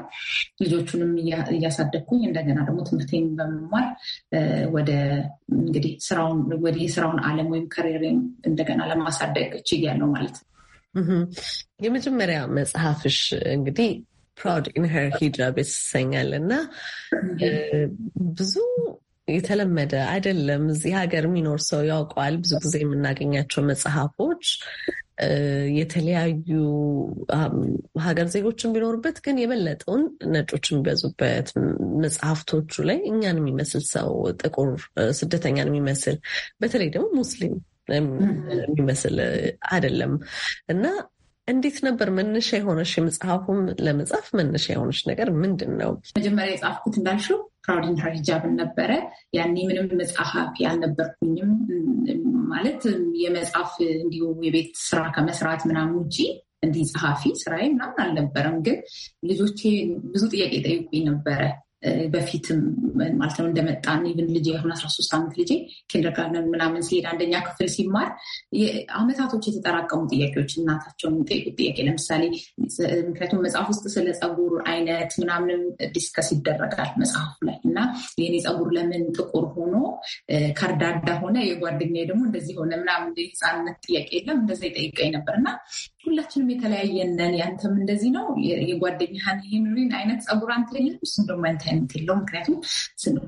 ልጆቹንም እያሳደግኩኝ እንደገና ደግሞ ትምህርቴን በመማር ወደ እንግዲህ ስራውን ወደ የስራውን ዓለም ወይም ከሪሬን እንደገና ለማሳደግ ችያለው ማለት ነው። የመጀመሪያ መጽሐፍሽ እንግዲህ ፕራውድ ኢን ሄር ሂጃብ ይሰኛል እና ብዙ የተለመደ አይደለም። እዚህ ሀገር የሚኖር ሰው ያውቀዋል። ብዙ ጊዜ የምናገኛቸው መጽሐፎች የተለያዩ ሀገር ዜጎችን ቢኖሩበት ግን የበለጠውን ነጮች የሚበዙበት መጽሐፍቶቹ ላይ እኛን የሚመስል ሰው ጥቁር ስደተኛን የሚመስል በተለይ ደግሞ ሙስሊም የሚመስል አይደለም እና እንዴት ነበር መነሻ የሆነሽ? የመጽሐፉም ለመጻፍ መነሻ የሆነሽ ነገር ምንድን ነው? መጀመሪያ የጻፍኩት እንዳልሽው ፕራውዲን ሂጃብን ነበረ። ያኔ ምንም መጽሐፍ ያልነበርኩኝም ማለት የመጽሐፍ እንዲሁ የቤት ስራ ከመስራት ምናምን ውጪ እንዲህ ጸሐፊ ስራዬ ምናምን አልነበረም። ግን ልጆቼ ብዙ ጥያቄ ጠይቁኝ ነበረ በፊትም ማለት ነው እንደመጣን ኢቭን ልጅ አሁን አስራ ሶስት ዓመት ልጄ ኪንደርጋርደን ምናምን ሲሄድ አንደኛ ክፍል ሲማር አመታቶች የተጠራቀሙ ጥያቄዎች እናታቸውን የሚጠይቁት ጥያቄ ለምሳሌ ምክንያቱም መጽሐፍ ውስጥ ስለ ጸጉር አይነት ምናምንም ዲስከስ ይደረጋል መጽሐፉ ላይ እና የኔ ጸጉር ለምን ጥቁር ሆኖ ከርዳዳ ሆነ የጓደኛ ደግሞ እንደዚህ ሆነ ምናምን የህፃንነት ጥያቄ የለም እንደዚ ይጠይቀኝ ነበር እና ሁላችንም የተለያየ ነን። ያንተም እንደዚህ ነው። የጓደኛህን ሄንሪን አይነት ጸጉር አንተ የለም እሱ ደግሞ አንተ አይነት የለው። ምክንያቱም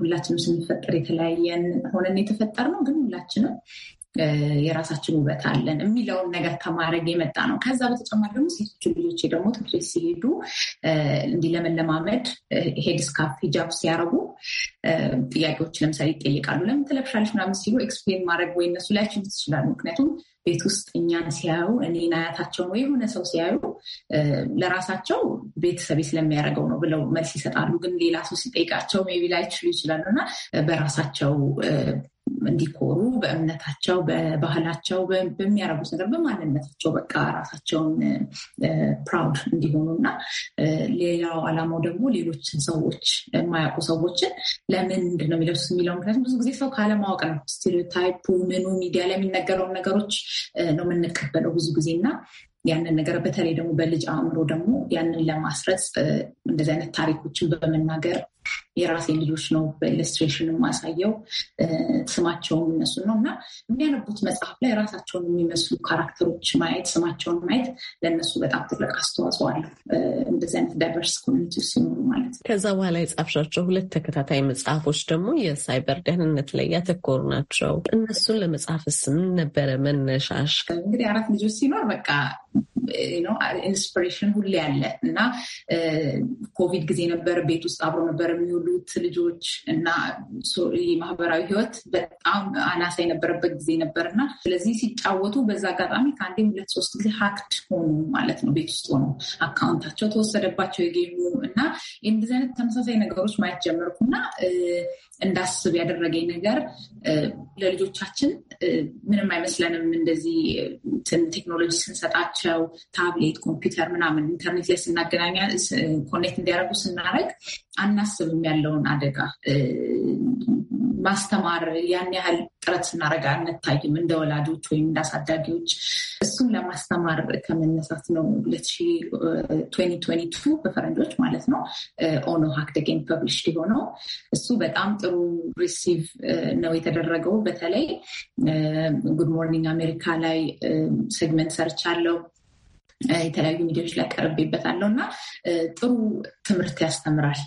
ሁላችንም ስንፈጠር የተለያየን ሆነን የተፈጠር ነው። ግን ሁላችንም የራሳችን ውበት አለን የሚለውን ነገር ከማድረግ የመጣ ነው። ከዛ በተጨማሪ ደግሞ ሴቶች ልጆች ደግሞ ትምህርት ቤት ሲሄዱ እንዲህ ለመለማመድ ሄድ ስካፍ ሂጃብ ሲያረጉ ጥያቄዎች ለምሳሌ ይጠየቃሉ። ለምን ተለብሻለች ምናምን ሲሉ ኤክስፕሌን ማድረግ ወይ እነሱ ላያችሉ ትችላሉ። ምክንያቱም ቤት ውስጥ እኛን ሲያዩ እኔን አያታቸውን ወይ የሆነ ሰው ሲያዩ ለራሳቸው ቤተሰቤ ስለሚያደርገው ነው ብለው መልስ ይሰጣሉ። ግን ሌላ ሰው ሲጠይቃቸው ሜይ ቢ ላይችሉ ይችላሉ እና በራሳቸው እንዲኮሩ በእምነታቸው፣ በባህላቸው፣ በሚያረጉት ነገር በማንነታቸው በቃ ራሳቸውን ፕራውድ እንዲሆኑ እና ሌላው አላማው ደግሞ ሌሎችን ሰዎች የማያውቁ ሰዎችን ለምን ምንድን ነው የሚለብሱት የሚለው ምክንያቱም ብዙ ጊዜ ሰው ካለማወቅ ነው። ስቴሪዮታይፑ ምኑ ሚዲያ ላይ የሚነገረውን ነገሮች ነው የምንቀበለው ብዙ ጊዜ እና ያንን ነገር በተለይ ደግሞ በልጅ አእምሮ ደግሞ ያንን ለማስረጽ እንደዚህ አይነት ታሪኮችን በመናገር የራሴ ልጆች ነው በኢለስትሬሽን የማሳየው። ስማቸውን የሚነሱ ነው እና የሚያነቡት መጽሐፍ ላይ ራሳቸውን የሚመስሉ ካራክተሮች ማየት፣ ስማቸውን ማየት ለእነሱ በጣም ትልቅ አስተዋጽኦ አለ። እንደዚህ አይነት ዳይቨርስ ኮሚኒቲ ሲኖሩ ማለት ነው። ከዛ በኋላ የጻፍሻቸው ሁለት ተከታታይ መጽሐፎች ደግሞ የሳይበር ደህንነት ላይ ያተኮሩ ናቸው። እነሱን ለመጽሐፍስ ምን ነበረ መነሻሽ? እንግዲህ አራት ልጆች ሲኖር በቃ ኢንስፒሬሽን ሁሌ አለ እና ኮቪድ ጊዜ ነበር ቤት ውስጥ አብሮ ነበር የሚውሉ ያሉት ልጆች እና ማህበራዊ ህይወት በጣም አናሳ የነበረበት ጊዜ ነበር እና ስለዚህ ሲጫወቱ በዛ አጋጣሚ ከአንዴ ሁለት ሶስት ጊዜ ሀክድ ሆኑ ማለት ነው። ቤት ውስጥ ሆኖ አካውንታቸው ተወሰደባቸው የጌሙ እና እንደዚህ አይነት ተመሳሳይ ነገሮች ማየት ጀመርኩ እና እንዳስብ ያደረገኝ ነገር ለልጆቻችን ምንም አይመስለንም። እንደዚህ ቴክኖሎጂ ስንሰጣቸው ታብሌት፣ ኮምፒውተር ምናምን ኢንተርኔት ላይ ስናገናኛ ኮኔክት እንዲያደርጉ ስናደርግ አናስብም ያለውን አደጋ ማስተማር ያን ያህል ጥረት ስናደርግ አንታይም እንደ ወላጆች ወይም እንዳሳዳጊዎች። እሱን ለማስተማር ከመነሳት ነው ሁለት በፈረንጆች ማለት ነው ኦኖ ሀክ ፐብሊሽ የሆነው እሱ በጣም ጥሩ ሪሲቭ ነው የተደረገው። በተለይ ጉድ ሞርኒንግ አሜሪካ ላይ ሴግመንት አለው። የተለያዩ ሚዲያዎች ላይ ቀርቤበታለሁ እና ጥሩ ትምህርት ያስተምራል።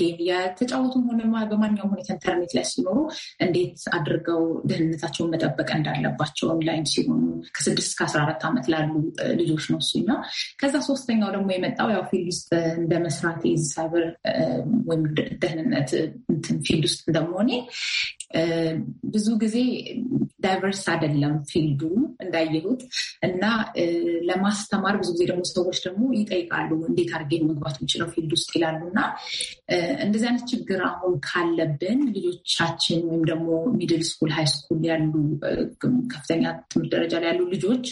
ጌም የተጫወቱም ሆነ በማንኛውም ሁኔታ ኢንተርኔት ላይ ሲኖሩ እንዴት አድርገው ደህንነታቸውን መጠበቅ እንዳለባቸው ኦንላይን ሲሆኑ ከስድስት እስከ አስራ አራት ዓመት ላሉ ልጆች ነው እሱኛው። ከዛ ሶስተኛው ደግሞ የመጣው ያው ፊልድ ውስጥ እንደ መስራት ሳይበር ወይም ደህንነት ፊልድ ውስጥ እንደመሆኔ ብዙ ጊዜ ዳይቨርስ አይደለም ፊልዱ እንዳየሁት እና ለማስተማር ብዙ ጊዜ ደግሞ ሰዎች ደግሞ ይጠይቃሉ እንዴት አድርጌ መግባት የምችለው ፊልድ ውስጥ ይላሉ እና እንደዚህ አይነት ችግር አሁን ካለብን ልጆቻችን ወይም ደግሞ ሚድል ስኩል፣ ሃይ ስኩል ያሉ ከፍተኛ ትምህርት ደረጃ ላይ ያሉ ልጆች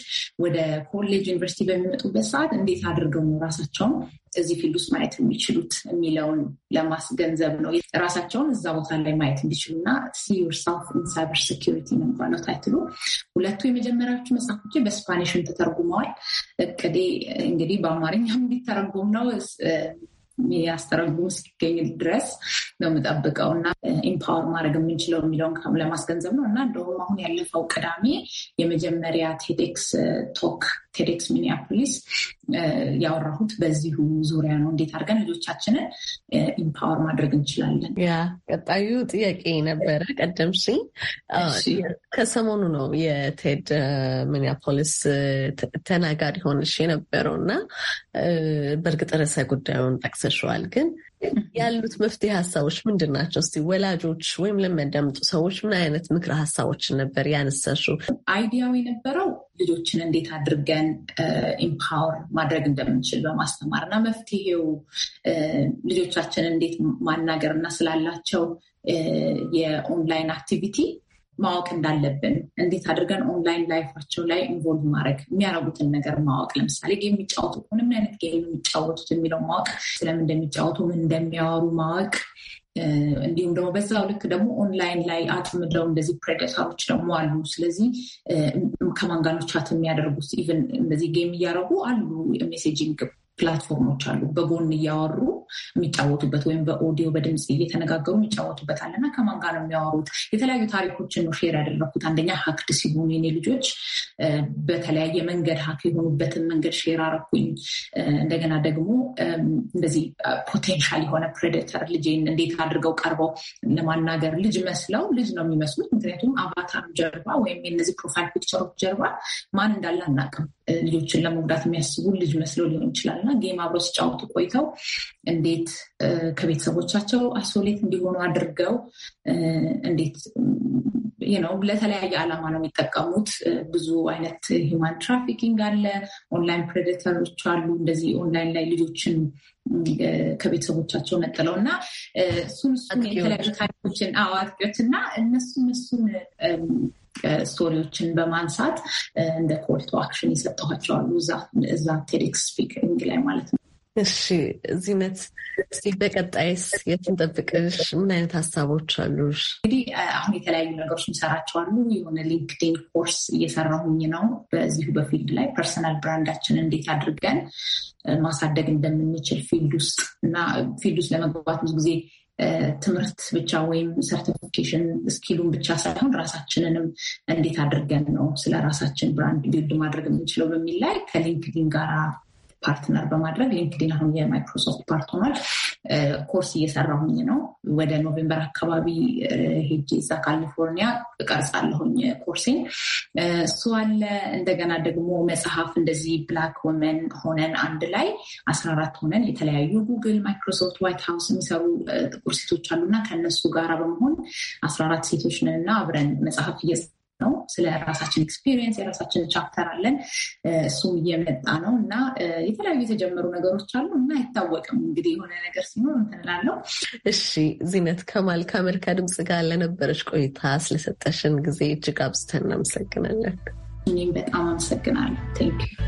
ወደ ኮሌጅ ዩኒቨርሲቲ በሚመጡበት ሰዓት እንዴት አድርገው ነው ራሳቸውን እዚህ ፊልድ ውስጥ ማየት የሚችሉት የሚለውን ለማስገንዘብ ነው። ራሳቸውን እዛ ቦታ ላይ ማየት እንዲችሉ እና ሲ ዩርሳልፍ ኢን ሳይበር ሴኪሪቲ ነው የሚባለው ታይትሉ። ሁለቱ የመጀመሪያዎቹ መጽሐፎች በስፓኒሽም ተተርጉመዋል። እቅዴ እንግዲህ በአማርኛም እንዲተረጉም ነው። የሚያስተረጉም እስኪገኝ ድረስ ነው የምጠብቀው እና ኢምፓወር ማድረግ የምንችለው የሚለውን ለማስገንዘብ ነው እና እንደውም አሁን ያለፈው ቅዳሜ የመጀመሪያ ቴዴክስ ቶክ ቴዴክስ ሚኒያፖሊስ ያወራሁት በዚሁ ዙሪያ ነው። እንዴት አድርገን ልጆቻችንን ኢምፓወር ማድረግ እንችላለን? ያ ቀጣዩ ጥያቄ ነበረ። ቀደም ሲል ከሰሞኑ ነው የቴድ ሚኒያፖሊስ ተናጋሪ ሆነሽ የነበረው እና በእርግጥ ርዕሰ ጉዳዩን ጠቅሰሸዋል ግን ያሉት መፍትሄ ሀሳቦች ምንድን ናቸው? እስቲ ወላጆች ወይም ለሚያዳምጡ ሰዎች ምን አይነት ምክረ ሀሳቦችን ነበር ያነሳሹ? አይዲያው የነበረው ልጆችን እንዴት አድርገን ኢምፓወር ማድረግ እንደምንችል በማስተማር እና መፍትሄው ልጆቻችን እንዴት ማናገር እና ስላላቸው የኦንላይን አክቲቪቲ ማወቅ እንዳለብን እንዴት አድርገን ኦንላይን ላይፋቸው ላይ ኢንቮልቭ ማድረግ የሚያደርጉትን ነገር ማወቅ ለምሳሌ ጌም የሚጫወቱ ከሆነ ምን አይነት ጌም የሚጫወቱት የሚለው ማወቅ፣ ስለምን እንደሚጫወቱ ምን እንደሚያወሩ ማወቅ እንዲሁም ደግሞ በዛው ልክ ደግሞ ኦንላይን ላይ አጥምደው እንደዚህ ፕሬደተሮች ደግሞ አሉ። ስለዚህ ከማንጋኖቻት የሚያደርጉት ኢቨን እንደዚህ ጌም እያደረጉ አሉ። ሜሴጂንግ ፕላትፎርሞች አሉ። በጎን እያወሩ የሚጫወቱበት ወይም በኦዲዮ በድምፅ እየተነጋገሩ የሚጫወቱበት አለና ከማን ጋር ነው የሚያወሩት? የተለያዩ ታሪኮችን ነው ሼር ያደረኩት። አንደኛ ሀክድ ሲሆኑ የኔ ልጆች በተለያየ መንገድ ሀክ የሆኑበትን መንገድ ሼር አረኩኝ። እንደገና ደግሞ እንደዚህ ፖቴንሻል የሆነ ፕሬደተር ልጄን እንዴት አድርገው ቀርበው ለማናገር ልጅ መስለው ልጅ ነው የሚመስሉት። ምክንያቱም አቫታር ጀርባ ወይም የነዚህ ፕሮፋይል ፒክቸሮች ጀርባ ማን እንዳለ አናውቅም። ልጆችን ለመጉዳት የሚያስቡ ልጅ መስሎ ሊሆን ይችላል እና ጌም አብረው ሲጫወቱ ቆይተው እንዴት ከቤተሰቦቻቸው አይሶሌት እንዲሆኑ አድርገው እንዴት ነው ለተለያየ ዓላማ ነው የሚጠቀሙት። ብዙ አይነት ሂውማን ትራፊኪንግ አለ፣ ኦንላይን ፕሬዴተሮች አሉ። እንደዚህ ኦንላይን ላይ ልጆችን ከቤተሰቦቻቸው ነጥለው እና እሱን እሱን የተለያዩ ታሪኮችን አዋቂዎች እና እነሱ እነሱን ስቶሪዎችን በማንሳት እንደ ኮል ቱ አክሽን ይሰጠኋቸዋሉ እዛ ቴድክስ ስፒኪንግ ላይ ማለት ነው። እሺ ዚነት እስቲ በቀጣይስ የትንጠብቅሽ ምን አይነት ሀሳቦች አሉ? እንግዲህ አሁን የተለያዩ ነገሮች እንሰራቸው አሉ። የሆነ ሊንክዲን ኮርስ እየሰራሁኝ ነው። በዚሁ በፊልድ ላይ ፐርሰናል ብራንዳችን እንዴት አድርገን ማሳደግ እንደምንችል ፊልድ ውስጥ እና ፊልድ ውስጥ ለመግባት ብዙ ጊዜ ትምህርት ብቻ ወይም ሰርቲፊኬሽን ስኪሉን ብቻ ሳይሆን ራሳችንንም እንዴት አድርገን ነው ስለ ራሳችን ብራንድ ቢልድ ማድረግ የምንችለው በሚል ላይ ከሊንክዲን ጋር ፓርትነር በማድረግ ሊንክዲን አሁን የማይክሮሶፍት ፓርት ሆኗል። ኮርስ እየሰራሁኝ ነው። ወደ ኖቬምበር አካባቢ ሄጄ እዛ ካሊፎርኒያ እቀርጻለሁኝ ኮርሴን። እሱ አለ። እንደገና ደግሞ መጽሐፍ እንደዚህ ብላክ ወመን ሆነን አንድ ላይ አስራ አራት ሆነን የተለያዩ ጉግል፣ ማይክሮሶፍት፣ ዋይት ሀውስ የሚሰሩ ጥቁር ሴቶች አሉና ከእነሱ ጋር በመሆን አስራ አራት ሴቶች ነን እና አብረን መጽሐፍ እየ ነው። ስለ ራሳችን ኤክስፒሪየንስ የራሳችን ቻፕተር አለን። እሱም እየመጣ ነው እና የተለያዩ የተጀመሩ ነገሮች አሉ እና አይታወቅም እንግዲህ የሆነ ነገር ሲኖር እንትንላለው። እሺ ዚነት ከማል ከአሜሪካ ድምፅ ጋር ለነበረች ቆይታ ስለሰጠሽን ጊዜ እጅግ አብዝተን እናመሰግናለን። እኔም በጣም አመሰግናለሁ። ቴንኪው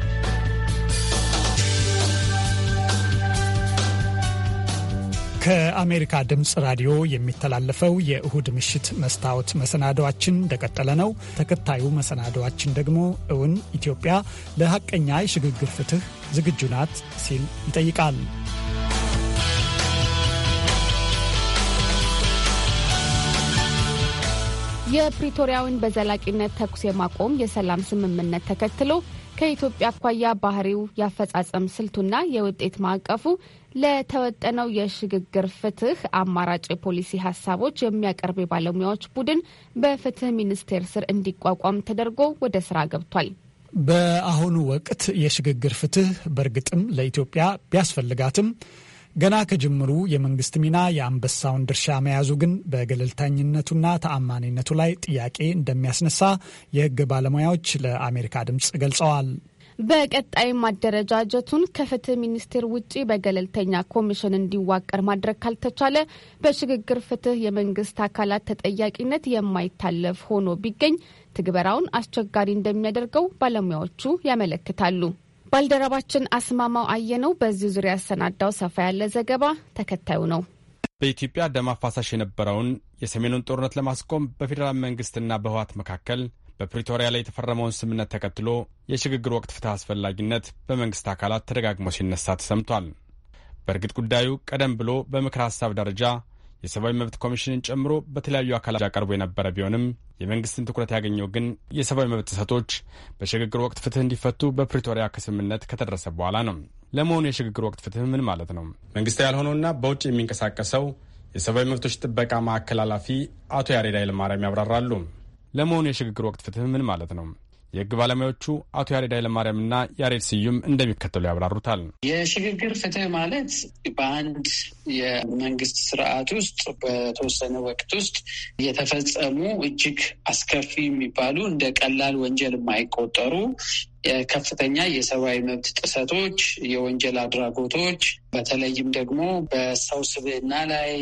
ከአሜሪካ ድምፅ ራዲዮ የሚተላለፈው የእሁድ ምሽት መስታወት መሰናዶችን እንደቀጠለ ነው። ተከታዩ መሰናዶዋችን ደግሞ እውን ኢትዮጵያ ለሀቀኛ የሽግግር ፍትህ ዝግጁ ናት ሲል ይጠይቃል። የፕሪቶሪያውን በዘላቂነት ተኩስ የማቆም የሰላም ስምምነት ተከትሎ ከኢትዮጵያ አኳያ ባህሪው፣ ያፈጻጸም ስልቱና የውጤት ማዕቀፉ ለተወጠነው የሽግግር ፍትህ አማራጭ የፖሊሲ ሀሳቦች የሚያቀርብ የባለሙያዎች ቡድን በፍትህ ሚኒስቴር ስር እንዲቋቋም ተደርጎ ወደ ስራ ገብቷል። በአሁኑ ወቅት የሽግግር ፍትህ በእርግጥም ለኢትዮጵያ ቢያስፈልጋትም ገና ከጅምሩ የመንግስት ሚና የአንበሳውን ድርሻ መያዙ ግን በገለልተኝነቱና ተአማኒነቱ ላይ ጥያቄ እንደሚያስነሳ የህግ ባለሙያዎች ለአሜሪካ ድምፅ ገልጸዋል። በቀጣይ ማደረጃጀቱን ከፍትህ ሚኒስቴር ውጪ በገለልተኛ ኮሚሽን እንዲዋቀር ማድረግ ካልተቻለ በሽግግር ፍትህ የመንግስት አካላት ተጠያቂነት የማይታለፍ ሆኖ ቢገኝ ትግበራውን አስቸጋሪ እንደሚያደርገው ባለሙያዎቹ ያመለክታሉ። ባልደረባችን አስማማው አየነው በዚህ ዙሪያ ያሰናዳው ሰፋ ያለ ዘገባ ተከታዩ ነው። በኢትዮጵያ ደም አፋሳሽ የነበረውን የሰሜኑን ጦርነት ለማስቆም በፌዴራል መንግስትና በህወሓት መካከል በፕሪቶሪያ ላይ የተፈረመውን ስምምነት ተከትሎ የሽግግር ወቅት ፍትህ አስፈላጊነት በመንግስት አካላት ተደጋግሞ ሲነሳ ተሰምቷል። በእርግጥ ጉዳዩ ቀደም ብሎ በምክር ሀሳብ ደረጃ የሰብአዊ መብት ኮሚሽንን ጨምሮ በተለያዩ አካላት ያቀርቡ የነበረ ቢሆንም የመንግስትን ትኩረት ያገኘው ግን የሰብአዊ መብት ጥሰቶች በሽግግር ወቅት ፍትህ እንዲፈቱ በፕሪቶሪያ ከስምምነት ከተደረሰ በኋላ ነው። ለመሆኑ የሽግግር ወቅት ፍትህ ምን ማለት ነው? መንግስታዊ ያልሆነውና በውጭ የሚንቀሳቀሰው የሰብአዊ መብቶች ጥበቃ ማዕከል ኃላፊ አቶ ያሬድ ኃይለማርያም ያብራራሉ። ለመሆኑ የሽግግር ወቅት ፍትህ ምን ማለት ነው? የህግ ባለሙያዎቹ አቶ ያሬድ ኃይለማርያምና ያሬድ ስዩም እንደሚከተሉ ያብራሩታል። የሽግግር ፍትህ ማለት በአንድ የመንግስት ስርዓት ውስጥ በተወሰነ ወቅት ውስጥ የተፈጸሙ እጅግ አስከፊ የሚባሉ እንደ ቀላል ወንጀል የማይቆጠሩ ከፍተኛ የሰብአዊ መብት ጥሰቶች፣ የወንጀል አድራጎቶች በተለይም ደግሞ በሰው ስብዕና ላይ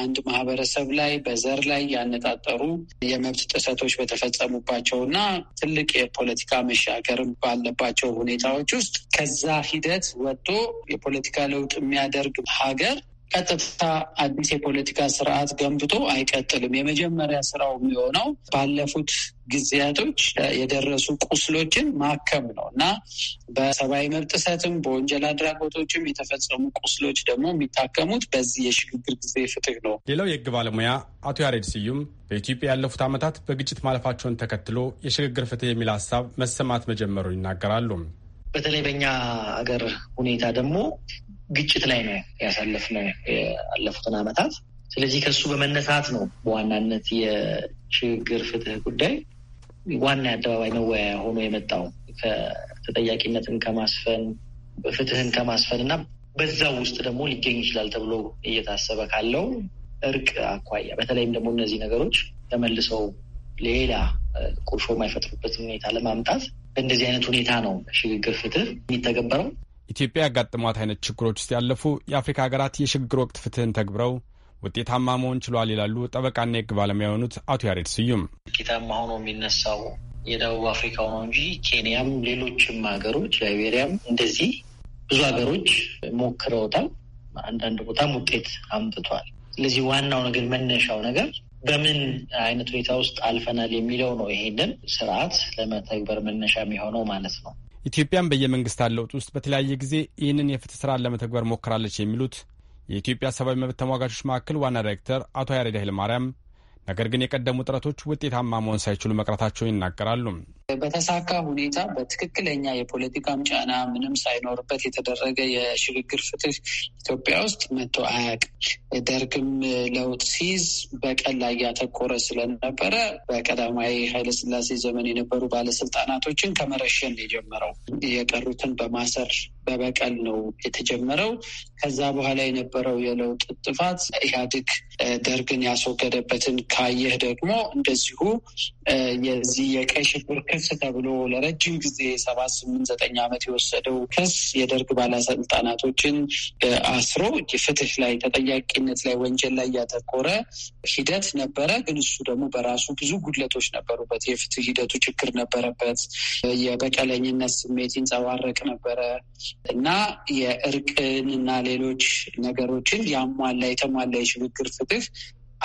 አንድ ማህበረሰብ ላይ በዘር ላይ ያነጣጠሩ የመብት ጥሰቶች በተፈጸሙባቸው እና ትልቅ የፖለቲካ መሻገርም ባለባቸው ሁኔታዎች ውስጥ ከዛ ሂደት ወጥቶ የፖለቲካ ለውጥ የሚያደርግ ሀገር ቀጥታ አዲስ የፖለቲካ ስርዓት ገንብቶ አይቀጥልም። የመጀመሪያ ስራው የሚሆነው ባለፉት ጊዜያቶች የደረሱ ቁስሎችን ማከም ነው እና በሰብአዊ መብት ጥሰትም በወንጀል አድራጎቶችም የተፈጸሙ ቁስሎች ደግሞ የሚታከሙት በዚህ የሽግግር ጊዜ ፍትህ ነው። ሌላው የህግ ባለሙያ አቶ ያሬድ ስዩም በኢትዮጵያ ያለፉት ዓመታት በግጭት ማለፋቸውን ተከትሎ የሽግግር ፍትህ የሚል ሀሳብ መሰማት መጀመሩ ይናገራሉ። በተለይ በእኛ አገር ሁኔታ ደግሞ ግጭት ላይ ነው ያሳለፍነው ያለፉትን አመታት ስለዚህ ከሱ በመነሳት ነው በዋናነት የችግር ፍትህ ጉዳይ ዋና የአደባባይ መወያያ ሆኖ የመጣው ከተጠያቂነትን ከማስፈን ፍትህን ከማስፈን እና በዛው ውስጥ ደግሞ ሊገኝ ይችላል ተብሎ እየታሰበ ካለው እርቅ አኳያ በተለይም ደግሞ እነዚህ ነገሮች ተመልሰው ሌላ ቁርሾ የማይፈጥሩበትን ሁኔታ ለማምጣት በእንደዚህ አይነት ሁኔታ ነው ሽግግር ፍትህ የሚተገበረው። ኢትዮጵያ ያጋጥሟት አይነት ችግሮች ውስጥ ያለፉ የአፍሪካ ሀገራት የሽግግር ወቅት ፍትህን ተግብረው ውጤታማ መሆን ችሏል ይላሉ ጠበቃና የህግ ባለሙያ የሆኑት አቶ ያሬድ ስዩም። ውጤታማ ሆኖ የሚነሳው የደቡብ አፍሪካው ነው እንጂ ኬንያም፣ ሌሎችም ሀገሮች ላይቤሪያም እንደዚህ ብዙ ሀገሮች ሞክረውታል። አንዳንድ ቦታም ውጤት አምጥቷል። ስለዚህ ዋናው ነገር መነሻው ነገር በምን አይነት ሁኔታ ውስጥ አልፈናል የሚለው ነው። ይሄንን ስርዓት ለመተግበር መነሻ የሚሆነው ማለት ነው። ኢትዮጵያን በየመንግስታት ለውጥ ውስጥ በተለያየ ጊዜ ይህንን የፍትህ ስራ ለመተግበር ሞክራለች የሚሉት የኢትዮጵያ ሰብአዊ መብት ተሟጋቾች መካከል ዋና ዳይሬክተር አቶ ያሬድ ኃይለማርያም ነገር ግን የቀደሙ ጥረቶች ውጤታማ መሆን ሳይችሉ መቅረታቸውን ይናገራሉ። በተሳካ ሁኔታ በትክክለኛ የፖለቲካም ጫና ምንም ሳይኖርበት የተደረገ የሽግግር ፍትህ ኢትዮጵያ ውስጥ መቶ አያውቅም። ደርግም ለውጥ ሲይዝ በቀል ላይ ያተኮረ ስለነበረ በቀዳማዊ ኃይለስላሴ ዘመን የነበሩ ባለስልጣናቶችን ከመረሸን የጀመረው የቀሩትን በማሰር በበቀል ነው የተጀመረው። ከዛ በኋላ የነበረው የለውጥ ጥፋት ኢህአዴግ ደርግን ያስወገደበትን ካየህ ደግሞ እንደዚሁ የዚህ የቀይ ሽብር ክስ ተብሎ ለረጅም ጊዜ ሰባት ስምንት ዘጠኝ ዓመት የወሰደው ክስ የደርግ ባለስልጣናቶችን አስሮ ፍትህ ላይ ተጠያቂነት ላይ ወንጀል ላይ ያተኮረ ሂደት ነበረ። ግን እሱ ደግሞ በራሱ ብዙ ጉድለቶች ነበሩበት። የፍትህ ሂደቱ ችግር ነበረበት። የበቀለኝነት ስሜት ይንጸባረቅ ነበረ እና የእርቅን እና ሌሎች ነገሮችን ያሟላ የተሟላ የሽግግር ፍትህ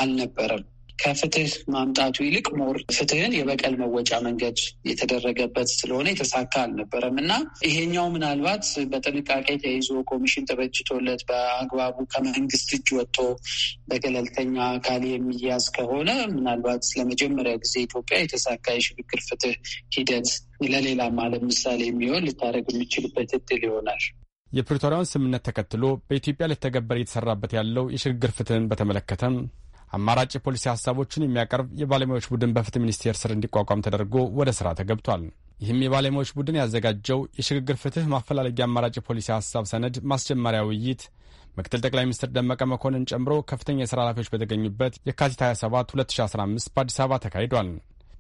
አልነበረም። ከፍትህ ማምጣቱ ይልቅ ሞር ፍትህን የበቀል መወጫ መንገድ የተደረገበት ስለሆነ የተሳካ አልነበረም እና ይሄኛው ምናልባት በጥንቃቄ ተይዞ ኮሚሽን ተበጅቶለት በአግባቡ ከመንግስት እጅ ወጥቶ በገለልተኛ አካል የሚያዝ ከሆነ ምናልባት ለመጀመሪያ ጊዜ ኢትዮጵያ የተሳካ የሽግግር ፍትህ ሂደት ለሌላም ዓለም ምሳሌ የሚሆን ልታደረግ የሚችልበት እድል ይሆናል። የፕሪቶሪያውን ስምምነት ተከትሎ በኢትዮጵያ ሊተገበር እየተሰራበት ያለው የሽግግር ፍትህን በተመለከተም አማራጭ የፖሊሲ ሀሳቦችን የሚያቀርብ የባለሙያዎች ቡድን በፍትህ ሚኒስቴር ስር እንዲቋቋም ተደርጎ ወደ ስራ ተገብቷል። ይህም የባለሙያዎች ቡድን ያዘጋጀው የሽግግር ፍትህ ማፈላለጊያ አማራጭ የፖሊሲ ሀሳብ ሰነድ ማስጀመሪያ ውይይት ምክትል ጠቅላይ ሚኒስትር ደመቀ መኮንን ጨምሮ ከፍተኛ የስራ ኃላፊዎች በተገኙበት የካቲት 27 2015 በአዲስ አበባ ተካሂዷል።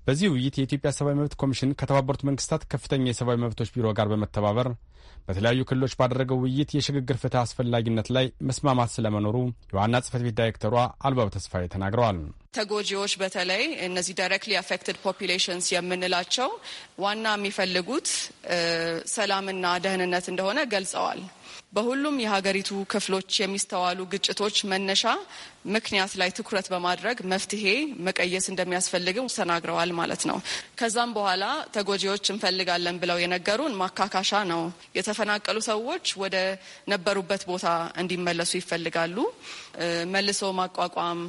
በዚህ ውይይት የኢትዮጵያ ሰብአዊ መብት ኮሚሽን ከተባበሩት መንግስታት ከፍተኛ የሰብአዊ መብቶች ቢሮ ጋር በመተባበር በተለያዩ ክልሎች ባደረገው ውይይት የሽግግር ፍትህ አስፈላጊነት ላይ መስማማት ስለመኖሩ የዋና ጽህፈት ቤት ዳይሬክተሯ አልባብ ተስፋዬ ተናግረዋል። ተጎጂዎች በተለይ እነዚህ ዳይሬክትሊ አፌክትድ ፖፒሌሽንስ የምንላቸው ዋና የሚፈልጉት ሰላምና ደህንነት እንደሆነ ገልጸዋል። በሁሉም የሀገሪቱ ክፍሎች የሚስተዋሉ ግጭቶች መነሻ ምክንያት ላይ ትኩረት በማድረግ መፍትሄ መቀየስ እንደሚያስፈልግም ተናግረዋል ማለት ነው። ከዛም በኋላ ተጎጂዎች እንፈልጋለን ብለው የነገሩን ማካካሻ ነው። የተፈናቀሉ ሰዎች ወደ ነበሩበት ቦታ እንዲመለሱ ይፈልጋሉ። መልሶ ማቋቋም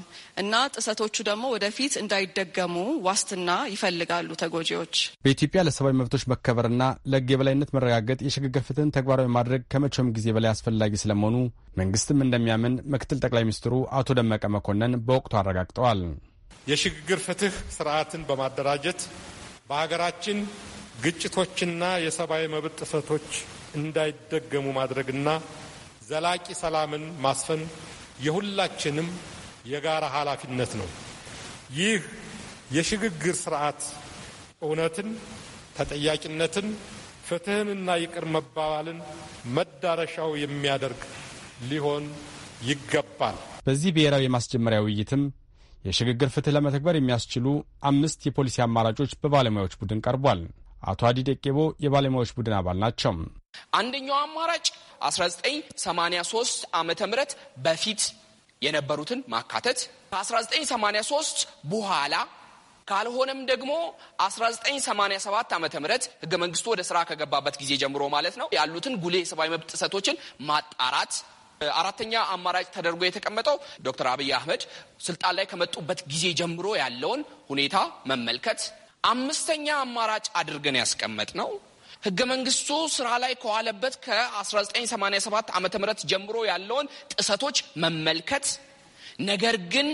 እና ጥሰቶቹ ደግሞ ወደፊት እንዳይደገሙ ዋስትና ይፈልጋሉ ተጎጂዎች። በኢትዮጵያ ለሰብአዊ መብቶች መከበርና ለህግ የበላይነት መረጋገጥ የሽግግር ፍትህን ተግባራዊ ማድረግ ከመቼውም ጊዜ በላይ አስፈላጊ ስለመሆኑ መንግስትም እንደሚያምን ምክትል ጠቅላይ ሚኒስትሩ አቶ ደመቀ መኮንን በወቅቱ አረጋግጠዋል። የሽግግር ፍትህ ስርዓትን በማደራጀት በሀገራችን ግጭቶችና የሰብአዊ መብት ጥሰቶች እንዳይደገሙ ማድረግና ዘላቂ ሰላምን ማስፈን የሁላችንም የጋራ ኃላፊነት ነው። ይህ የሽግግር ስርዓት እውነትን፣ ተጠያቂነትን ፍትህንና ይቅር መባባልን መዳረሻው የሚያደርግ ሊሆን ይገባል። በዚህ ብሔራዊ የማስጀመሪያ ውይይትም የሽግግር ፍትህ ለመተግበር የሚያስችሉ አምስት የፖሊሲ አማራጮች በባለሙያዎች ቡድን ቀርቧል። አቶ አዲ ደቄቦ የባለሙያዎች ቡድን አባል ናቸው። አንደኛው አማራጭ 1983 ዓ ም በፊት የነበሩትን ማካተት ከ1983 በኋላ ካልሆነም ደግሞ 1987 ዓ ም ህገ መንግስቱ ወደ ስራ ከገባበት ጊዜ ጀምሮ ማለት ነው ያሉትን ጉሌ የሰብአዊ መብት ጥሰቶችን ማጣራት አራተኛ አማራጭ ተደርጎ የተቀመጠው ዶክተር አብይ አህመድ ስልጣን ላይ ከመጡበት ጊዜ ጀምሮ ያለውን ሁኔታ መመልከት። አምስተኛ አማራጭ አድርገን ያስቀመጥ ነው ህገ መንግስቱ ስራ ላይ ከዋለበት ከ1987 ዓ ም ጀምሮ ያለውን ጥሰቶች መመልከት ነገር ግን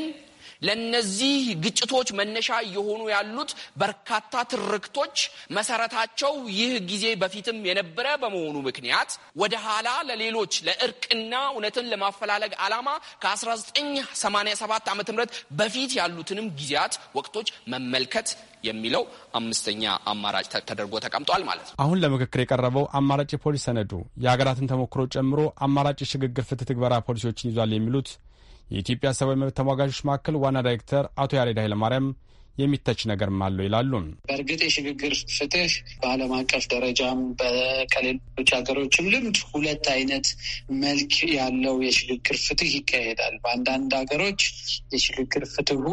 ለነዚህ ግጭቶች መነሻ እየሆኑ ያሉት በርካታ ትርክቶች መሰረታቸው ይህ ጊዜ በፊትም የነበረ በመሆኑ ምክንያት ወደ ኋላ ለሌሎች ለእርቅና እውነትን ለማፈላለግ ዓላማ ከ1987 ዓ ም በፊት ያሉትንም ጊዜያት ወቅቶች መመልከት የሚለው አምስተኛ አማራጭ ተደርጎ ተቀምጧል ማለት ነው። አሁን ለምክክር የቀረበው አማራጭ የፖሊስ ሰነዱ የሀገራትን ተሞክሮ ጨምሮ አማራጭ የሽግግር ፍትህ ትግበራ ፖሊሲዎችን ይዟል የሚሉት የኢትዮጵያ ሰብአዊ መብት ተሟጋቾች መካከል ዋና ዳይሬክተር አቶ ያሬድ ኃይለማርያም የሚተች ነገር አለው ይላሉ። በእርግጥ የሽግግር ፍትህ በዓለም አቀፍ ደረጃም ከሌሎች ሀገሮችም ልምድ ሁለት አይነት መልክ ያለው የሽግግር ፍትህ ይካሄዳል። በአንዳንድ ሀገሮች የሽግግር ፍትሁ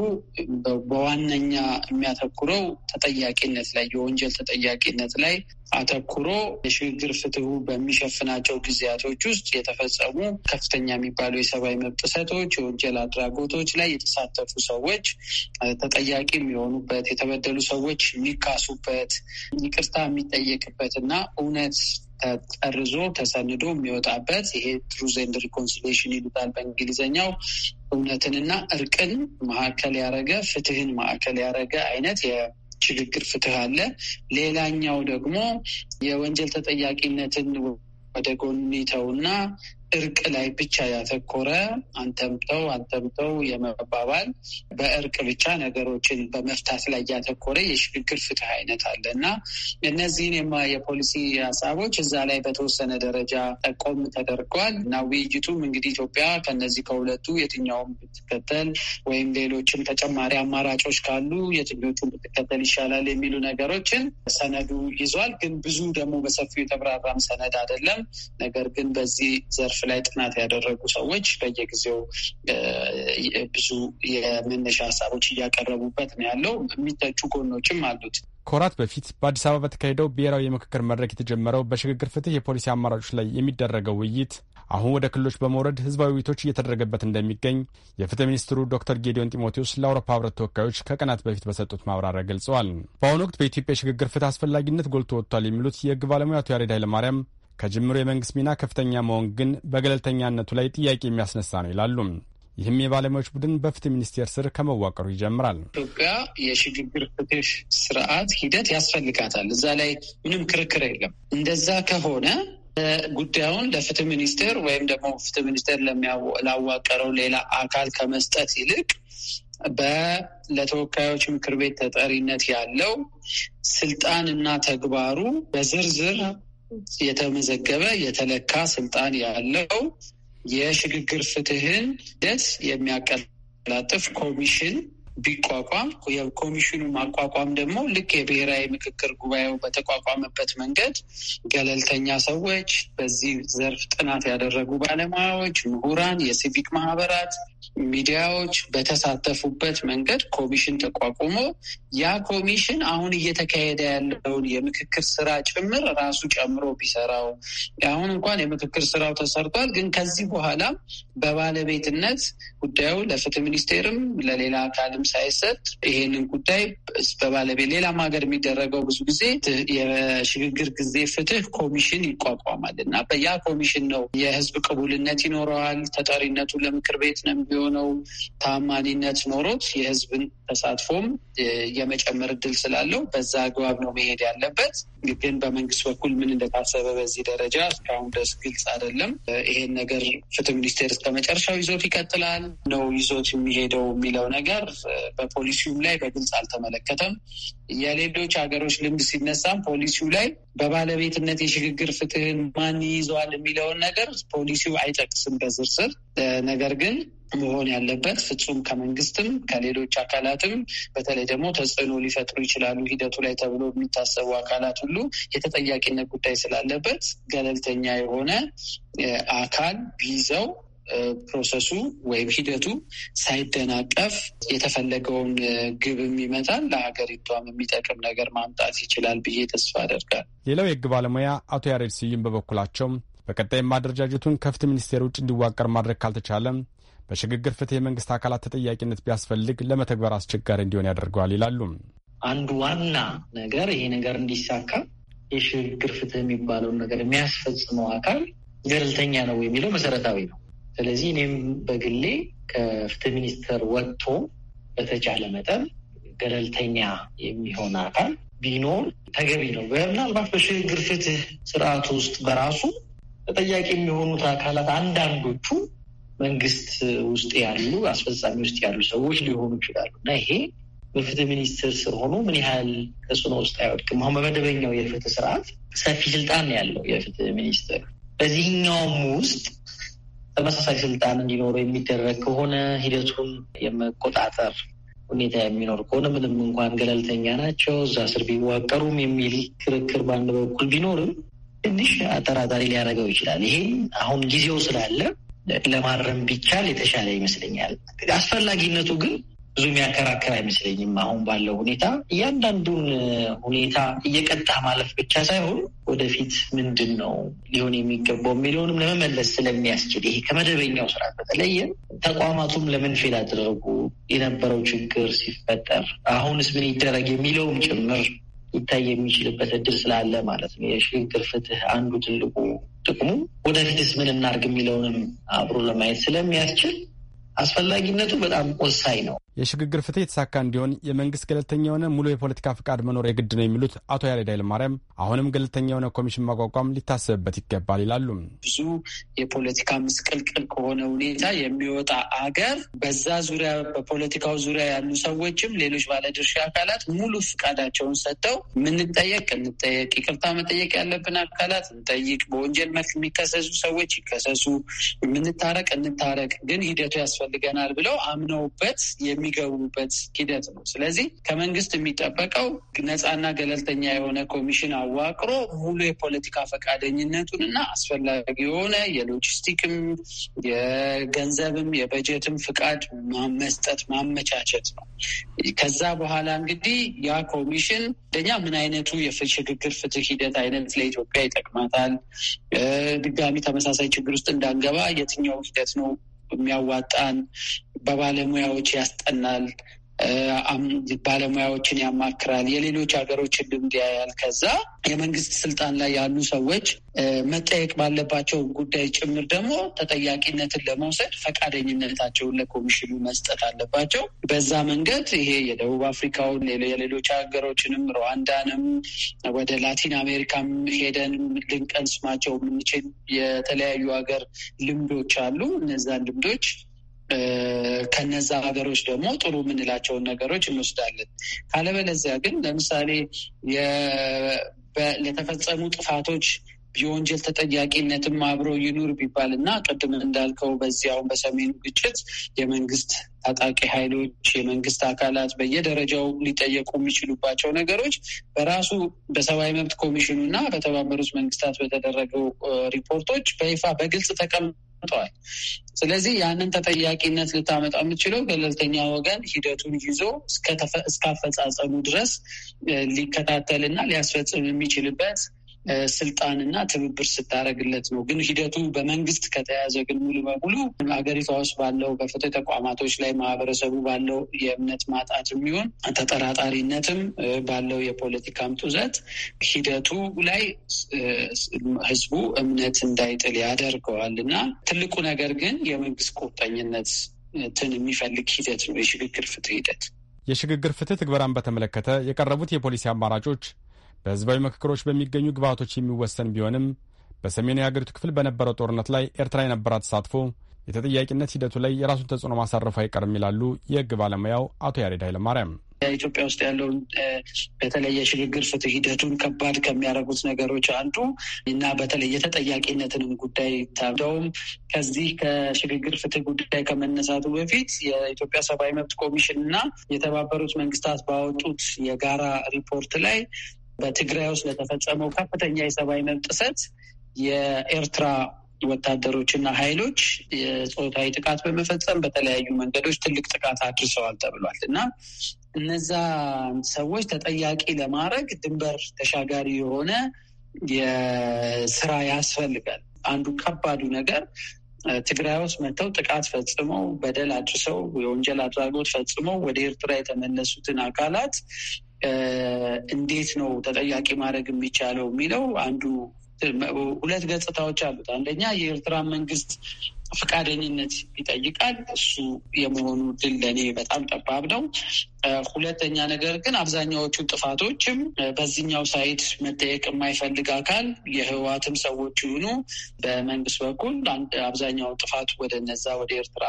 በዋነኛ የሚያተኩረው ተጠያቂነት ላይ የወንጀል ተጠያቂነት ላይ አተኩሮ የሽግግር ፍትሁ በሚሸፍናቸው ጊዜያቶች ውስጥ የተፈጸሙ ከፍተኛ የሚባሉ የሰብአዊ መብት ጥሰቶች፣ የወንጀል አድራጎቶች ላይ የተሳተፉ ሰዎች ተጠያቂ የሚሆኑበት፣ የተበደሉ ሰዎች የሚካሱበት፣ ይቅርታ የሚጠየቅበት እና እውነት ተጠርዞ ተሰንዶ የሚወጣበት ይሄ ትሩዝ ኤንድ ሪኮንሲሌሽን ይሉታል በእንግሊዝኛው። እውነትንና እርቅን ማዕከል ያደረገ ፍትህን ማዕከል ያደረገ አይነት ሽግግር ፍትህ አለ። ሌላኛው ደግሞ የወንጀል ተጠያቂነትን ወደ ጎን ይተውና እርቅ ላይ ብቻ ያተኮረ አንተምተው አንተምተው የመባባል በእርቅ ብቻ ነገሮችን በመፍታት ላይ ያተኮረ የሽግግር ፍትህ አይነት አለ እና እነዚህን የፖሊሲ ሀሳቦች እዛ ላይ በተወሰነ ደረጃ ጠቆም ተደርጓል እና ውይይቱም እንግዲህ ኢትዮጵያ ከነዚህ ከሁለቱ የትኛውን ብትከተል ወይም ሌሎችም ተጨማሪ አማራጮች ካሉ የትኞቹን ብትከተል ይሻላል የሚሉ ነገሮችን ሰነዱ ይዟል። ግን ብዙ ደግሞ በሰፊው የተብራራም ሰነድ አይደለም። ነገር ግን በዚህ ዘርፍ ላይ ጥናት ያደረጉ ሰዎች በየጊዜው ብዙ የመነሻ ሀሳቦች እያቀረቡበት ነው ያለው። የሚተቹ ጎኖችም አሉት። ከወራት በፊት በአዲስ አበባ በተካሄደው ብሔራዊ የምክክር መድረክ የተጀመረው በሽግግር ፍትህ የፖሊሲ አማራጮች ላይ የሚደረገው ውይይት አሁን ወደ ክልሎች በመውረድ ህዝባዊ ውይይቶች እየተደረገበት እንደሚገኝ የፍትህ ሚኒስትሩ ዶክተር ጌዲዮን ጢሞቴዎስ ለአውሮፓ ህብረት ተወካዮች ከቀናት በፊት በሰጡት ማብራሪያ ገልጸዋል። በአሁኑ ወቅት በኢትዮጵያ የሽግግር ፍትህ አስፈላጊነት ጎልቶ ወጥቷል የሚሉት የህግ ባለሙያቱ ያሬድ ኃይለማርያም ከጅምሩ የመንግስት ሚና ከፍተኛ መሆን ግን በገለልተኛነቱ ላይ ጥያቄ የሚያስነሳ ነው ይላሉ። ይህም የባለሙያዎች ቡድን በፍትህ ሚኒስቴር ስር ከመዋቀሩ ይጀምራል። ኢትዮጵያ የሽግግር ፍትህ ስርዓት ሂደት ያስፈልጋታል። እዛ ላይ ምንም ክርክር የለም። እንደዛ ከሆነ ጉዳዩን ለፍትህ ሚኒስቴር ወይም ደግሞ ፍትህ ሚኒስቴር ላዋቀረው ሌላ አካል ከመስጠት ይልቅ ለተወካዮች ምክር ቤት ተጠሪነት ያለው ስልጣንና ተግባሩ በዝርዝር የተመዘገበ የተለካ ስልጣን ያለው የሽግግር ፍትህን ደስ የሚያቀላጥፍ ኮሚሽን ቢቋቋም የኮሚሽኑ ማቋቋም ደግሞ ልክ የብሔራዊ ምክክር ጉባኤው በተቋቋመበት መንገድ ገለልተኛ ሰዎች፣ በዚህ ዘርፍ ጥናት ያደረጉ ባለሙያዎች፣ ምሁራን፣ የሲቪክ ማህበራት ሚዲያዎች በተሳተፉበት መንገድ ኮሚሽን ተቋቁሞ ያ ኮሚሽን አሁን እየተካሄደ ያለውን የምክክር ስራ ጭምር ራሱ ጨምሮ ቢሰራው አሁን እንኳን የምክክር ስራው ተሰርቷል፣ ግን ከዚህ በኋላ በባለቤትነት ጉዳዩ ለፍትህ ሚኒስቴርም ለሌላ አካልም ሳይሰጥ ይሄንን ጉዳይ በባለቤት ሌላም ሀገር የሚደረገው ብዙ ጊዜ የሽግግር ጊዜ ፍትህ ኮሚሽን ይቋቋማል እና በያ ኮሚሽን ነው የህዝብ ቅቡልነት ይኖረዋል። ተጠሪነቱ ለምክር ቤት ነው የሚሆን የሆነው ታማኒነት ኖሮት የህዝብን ተሳትፎም የመጨመር እድል ስላለው በዛ አግባብ ነው መሄድ ያለበት። ግን በመንግስት በኩል ምን እንደታሰበ በዚህ ደረጃ እስካሁን ድረስ ግልጽ አይደለም። ይሄን ነገር ፍትህ ሚኒስቴር እስከ መጨረሻው ይዞት ይቀጥላል ነው ይዞት የሚሄደው የሚለው ነገር በፖሊሲውም ላይ በግልጽ አልተመለከተም። የሌሎች ሀገሮች ልምድ ሲነሳም ፖሊሲው ላይ በባለቤትነት የሽግግር ፍትህን ማን ይይዘዋል የሚለውን ነገር ፖሊሲው አይጠቅስም በዝርዝር ነገር ግን መሆን ያለበት ፍጹም ከመንግስትም ከሌሎች አካላትም በተለይ ደግሞ ተጽዕኖ ሊፈጥሩ ይችላሉ ሂደቱ ላይ ተብሎ የሚታሰቡ አካላት ሁሉ የተጠያቂነት ጉዳይ ስላለበት ገለልተኛ የሆነ አካል ቢይዘው ፕሮሰሱ ወይም ሂደቱ ሳይደናቀፍ የተፈለገውን ግብም ይመጣል፣ ለሀገሪቷም የሚጠቅም ነገር ማምጣት ይችላል ብዬ ተስፋ አደርጋል። ሌላው የህግ ባለሙያ አቶ ያሬድ ስዩም በበኩላቸው በቀጣይም አደረጃጀቱን ከፍትህ ሚኒስቴር ውጭ እንዲዋቀር ማድረግ ካልተቻለም በሽግግር ፍትህ የመንግስት አካላት ተጠያቂነት ቢያስፈልግ ለመተግበር አስቸጋሪ እንዲሆን ያደርገዋል ይላሉ። አንዱ ዋና ነገር ይሄ ነገር እንዲሳካ የሽግግር ፍትህ የሚባለውን ነገር የሚያስፈጽመው አካል ገለልተኛ ነው የሚለው መሰረታዊ ነው። ስለዚህ እኔም በግሌ ከፍትህ ሚኒስቴር ወጥቶ በተቻለ መጠን ገለልተኛ የሚሆን አካል ቢኖር ተገቢ ነው። ምናልባት በሽግግር ፍትህ ስርዓት ውስጥ በራሱ ተጠያቂ የሚሆኑት አካላት አንዳንዶቹ መንግስት ውስጥ ያሉ አስፈጻሚ ውስጥ ያሉ ሰዎች ሊሆኑ ይችላሉ እና ይሄ በፍትህ ሚኒስትር ስር ሆኖ ምን ያህል ተጽዕኖ ውስጥ አይወድቅም? አሁን በመደበኛው የፍትህ ስርዓት ሰፊ ስልጣን ያለው የፍትህ ሚኒስትር በዚህኛውም ውስጥ ተመሳሳይ ስልጣን እንዲኖረው የሚደረግ ከሆነ ሂደቱን የመቆጣጠር ሁኔታ የሚኖር ከሆነ ምንም እንኳን ገለልተኛ ናቸው እዛ ስር ቢዋቀሩም የሚል ክርክር በአንድ በኩል ቢኖርም ትንሽ አጠራጣሪ ሊያደርገው ይችላል። ይሄም አሁን ጊዜው ስላለ ለማረም ቢቻል የተሻለ ይመስለኛል። አስፈላጊነቱ ግን ብዙ የሚያከራከር አይመስለኝም። አሁን ባለው ሁኔታ እያንዳንዱን ሁኔታ እየቀጣ ማለፍ ብቻ ሳይሆን ወደፊት ምንድን ነው ሊሆን የሚገባው የሚለውንም ለመመለስ ስለሚያስችል ይሄ ከመደበኛው ስራ በተለየ ተቋማቱም ለምን ፌል አደረጉ፣ የነበረው ችግር ሲፈጠር አሁንስ ምን ይደረግ የሚለውም ጭምር ሊታይ የሚችልበት እድል ስላለ ማለት ነው። የሽግግር ፍትህ አንዱ ትልቁ ጥቅሙ ወደፊትስ ምን እናርግ የሚለውንም አብሮ ለማየት ስለሚያስችል አስፈላጊነቱ በጣም ወሳኝ ነው። የሽግግር ፍትህ የተሳካ እንዲሆን የመንግስት ገለልተኛ የሆነ ሙሉ የፖለቲካ ፍቃድ መኖር የግድ ነው የሚሉት አቶ ያሬድ ኃይለማርያም አሁንም ገለልተኛ የሆነ ኮሚሽን ማቋቋም ሊታሰብበት ይገባል ይላሉ። ብዙ የፖለቲካ ምስቅልቅል ከሆነ ሁኔታ የሚወጣ አገር በዛ ዙሪያ በፖለቲካው ዙሪያ ያሉ ሰዎችም ሌሎች ባለድርሻ አካላት ሙሉ ፍቃዳቸውን ሰጥተው ምንጠየቅ እንጠየቅ፣ ይቅርታ መጠየቅ ያለብን አካላት እንጠይቅ፣ በወንጀል መልክ የሚከሰሱ ሰዎች ይከሰሱ፣ የምንታረቅ እንታረቅ፣ ግን ሂደቱ ያስፈልገናል ብለው አምነውበት የሚ የሚገቡበት ሂደት ነው። ስለዚህ ከመንግስት የሚጠበቀው ነፃና ገለልተኛ የሆነ ኮሚሽን አዋቅሮ ሙሉ የፖለቲካ ፈቃደኝነቱን እና አስፈላጊ የሆነ የሎጂስቲክም የገንዘብም የበጀትም ፍቃድ መስጠት ማመቻቸት ነው። ከዛ በኋላ እንግዲህ ያ ኮሚሽን ደኛ ምን አይነቱ የሽግግር ፍትህ ሂደት አይነት ለኢትዮጵያ ይጠቅማታል፣ ድጋሚ ተመሳሳይ ችግር ውስጥ እንዳንገባ የትኛው ሂደት ነው የሚያዋጣን በባለሙያዎች ያስጠናል ባለሙያዎችን ያማክራል፣ የሌሎች ሀገሮችን ልምድ ያያል። ከዛ የመንግስት ስልጣን ላይ ያሉ ሰዎች መጠየቅ ባለባቸው ጉዳይ ጭምር ደግሞ ተጠያቂነትን ለመውሰድ ፈቃደኝነታቸውን ለኮሚሽኑ መስጠት አለባቸው። በዛ መንገድ ይሄ የደቡብ አፍሪካውን የሌሎች ሀገሮችንም ሩዋንዳንም ወደ ላቲን አሜሪካም ሄደን ልንቀንስማቸው የምንችል የተለያዩ ሀገር ልምዶች አሉ። እነዛን ልምዶች ከነዛ ሀገሮች ደግሞ ጥሩ የምንላቸውን ነገሮች እንወስዳለን። ካለበለዚያ ግን ለምሳሌ ለተፈጸሙ ጥፋቶች የወንጀል ተጠያቂነትም አብሮ ይኑር ቢባል እና ቅድም እንዳልከው በዚያውን በሰሜኑ ግጭት የመንግስት ታጣቂ ኃይሎች የመንግስት አካላት በየደረጃው ሊጠየቁ የሚችሉባቸው ነገሮች በራሱ በሰብአዊ መብት ኮሚሽኑ እና በተባበሩት መንግስታት በተደረገው ሪፖርቶች በይፋ በግልጽ ተቀም ተቀምጠዋል። ስለዚህ ያንን ተጠያቂነት ልታመጣ የምችለው ገለልተኛ ወገን ሂደቱን ይዞ እስካፈጻጸሙ ድረስ ሊከታተልና ሊያስፈጽም የሚችልበት ስልጣንና ትብብር ስታደረግለት ነው። ግን ሂደቱ በመንግስት ከተያዘ ግን ሙሉ በሙሉ ሀገሪቷ ውስጥ ባለው በፍትህ ተቋማቶች ላይ ማህበረሰቡ ባለው የእምነት ማጣት የሚሆን ተጠራጣሪነትም ባለው የፖለቲካም ጡዘት ሂደቱ ላይ ህዝቡ እምነት እንዳይጥል ያደርገዋል እና ትልቁ ነገር ግን የመንግስት ቁርጠኝነት ትን የሚፈልግ ሂደት ነው የሽግግር ፍትህ ሂደት። የሽግግር ፍትህ ትግበራን በተመለከተ የቀረቡት የፖሊሲ አማራጮች በህዝባዊ ምክክሮች በሚገኙ ግብዓቶች የሚወሰን ቢሆንም በሰሜኑ የአገሪቱ ክፍል በነበረው ጦርነት ላይ ኤርትራ የነበራ ተሳትፎ የተጠያቂነት ሂደቱ ላይ የራሱን ተጽዕኖ ማሳረፉ አይቀርም ይላሉ የህግ ባለሙያው አቶ ያሬድ ኃይለማርያም። ኢትዮጵያ ውስጥ ያለውን በተለይ የሽግግር ፍትህ ሂደቱን ከባድ ከሚያደርጉት ነገሮች አንዱ እና በተለይ የተጠያቂነትንም ጉዳይ ታደውም ከዚህ ከሽግግር ፍትህ ጉዳይ ከመነሳቱ በፊት የኢትዮጵያ ሰብአዊ መብት ኮሚሽን እና የተባበሩት መንግስታት ባወጡት የጋራ ሪፖርት ላይ በትግራይ ውስጥ ለተፈጸመው ከፍተኛ የሰብአዊ መብት ጥሰት የኤርትራ ወታደሮችና ኃይሎች የፆታዊ ጥቃት በመፈጸም በተለያዩ መንገዶች ትልቅ ጥቃት አድርሰዋል ተብሏል እና እነዛ ሰዎች ተጠያቂ ለማድረግ ድንበር ተሻጋሪ የሆነ የስራ ያስፈልጋል። አንዱ ከባዱ ነገር ትግራይ ውስጥ መጥተው ጥቃት ፈጽመው በደል አድርሰው የወንጀል አድራጎት ፈጽመው ወደ ኤርትራ የተመለሱትን አካላት እንዴት ነው ተጠያቂ ማድረግ የሚቻለው የሚለው አንዱ ሁለት ገጽታዎች አሉት። አንደኛ የኤርትራ መንግስት ፈቃደኝነት ይጠይቃል። እሱ የመሆኑ ድል ለእኔ በጣም ጠባብ ነው። ሁለተኛ ነገር ግን አብዛኛዎቹ ጥፋቶችም በዚህኛው ሳይት መጠየቅ የማይፈልግ አካል የህወሓትም ሰዎች ይሁኑ በመንግስት በኩል አብዛኛው ጥፋት ወደ እነዛ ወደ ኤርትራ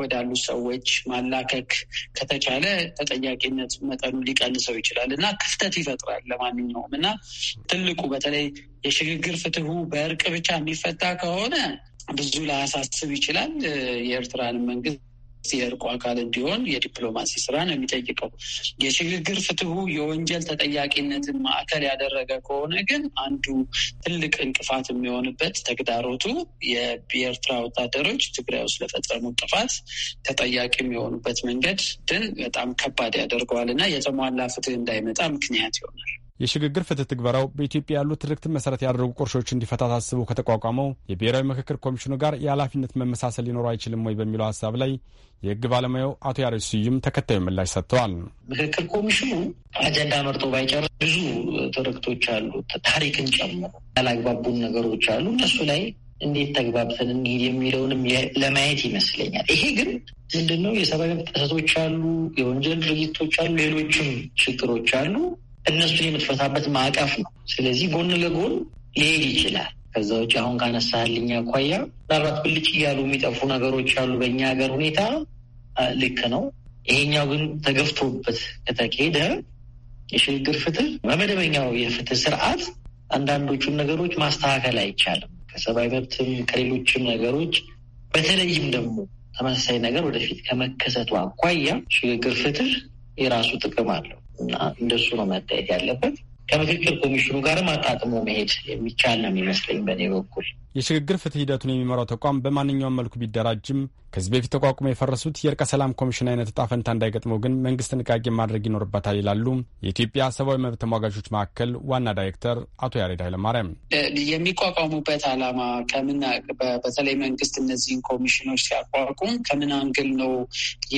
ወዳሉ ሰዎች ማላከክ ከተቻለ ተጠያቂነት መጠኑ ሊቀንሰው ይችላል እና ክፍተት ይፈጥራል ለማንኛውም እና ትልቁ በተለይ የሽግግር ፍትሁ በእርቅ ብቻ የሚፈታ ከሆነ ብዙ ላያሳስብ ይችላል። የኤርትራን መንግስት የእርቁ አካል እንዲሆን የዲፕሎማሲ ስራ ነው የሚጠይቀው። የሽግግር ፍትሁ የወንጀል ተጠያቂነትን ማዕከል ያደረገ ከሆነ ግን አንዱ ትልቅ እንቅፋት የሚሆንበት ተግዳሮቱ የኤርትራ ወታደሮች ትግራይ ውስጥ ለፈጸሙ ጥፋት ተጠያቂ የሚሆኑበት መንገድ ግን በጣም ከባድ ያደርገዋል እና የተሟላ ፍትህ እንዳይመጣ ምክንያት ይሆናል። የሽግግር ፍትህ ትግበራው በኢትዮጵያ ያሉ ትርክትን መሰረት ያደረጉ ቁርሾች እንዲፈታ ታስቦ ከተቋቋመው የብሔራዊ ምክክር ኮሚሽኑ ጋር የኃላፊነት መመሳሰል ሊኖረው አይችልም ወይ በሚለው ሀሳብ ላይ የህግ ባለሙያው አቶ ያሬድ ስዩም ተከታዩ ምላሽ ሰጥተዋል። ምክክር ኮሚሽኑ አጀንዳ መርጦ ባይጨርስ ብዙ ትርክቶች አሉ፣ ታሪክን ጨምሮ ያላግባቡን ነገሮች አሉ። እነሱ ላይ እንዴት ተግባብተን እንሂድ የሚለውንም ለማየት ይመስለኛል። ይሄ ግን ምንድነው የሰብአዊ መብት ጥሰቶች አሉ፣ የወንጀል ድርጊቶች አሉ፣ ሌሎችም ችግሮች አሉ እነሱን የምትፈታበት ማዕቀፍ ነው። ስለዚህ ጎን ለጎን ሊሄድ ይችላል። ከዛ ውጭ አሁን ካነሳልኝ አኳያ ምናልባት ብልጭ እያሉ የሚጠፉ ነገሮች አሉ በእኛ ሀገር ሁኔታ ልክ ነው። ይሄኛው ግን ተገፍቶበት ከተካሄደ የሽግግር ፍትህ በመደበኛው የፍትህ ስርዓት አንዳንዶቹን ነገሮች ማስተካከል አይቻልም። ከሰብአዊ መብትም ከሌሎችም ነገሮች በተለይም ደግሞ ተመሳሳይ ነገር ወደፊት ከመከሰቱ አኳያ ሽግግር ፍትህ የራሱ ጥቅም አለው። እና እንደሱ ነው መታየት ያለበት። ከምክክር ኮሚሽኑ ጋርም አጣጥሞ መሄድ የሚቻል ነው የሚመስለኝ በእኔ በኩል። የሽግግር ፍትህ ሂደቱን የሚመራው ተቋም በማንኛውም መልኩ ቢደራጅም ከዚህ በፊት ተቋቁሞ የፈረሱት የእርቀ ሰላም ኮሚሽን አይነት እጣ ፈንታ እንዳይገጥመው ግን መንግስት ጥንቃቄ ማድረግ ይኖርበታል ይላሉ የኢትዮጵያ ሰብአዊ መብት ተሟጋቾች ማዕከል ዋና ዳይሬክተር አቶ ያሬድ ኃይለማርያም። የሚቋቋሙበት ዓላማ ከምና በተለይ መንግስት እነዚህን ኮሚሽኖች ሲያቋቁም ከምን አንግል ነው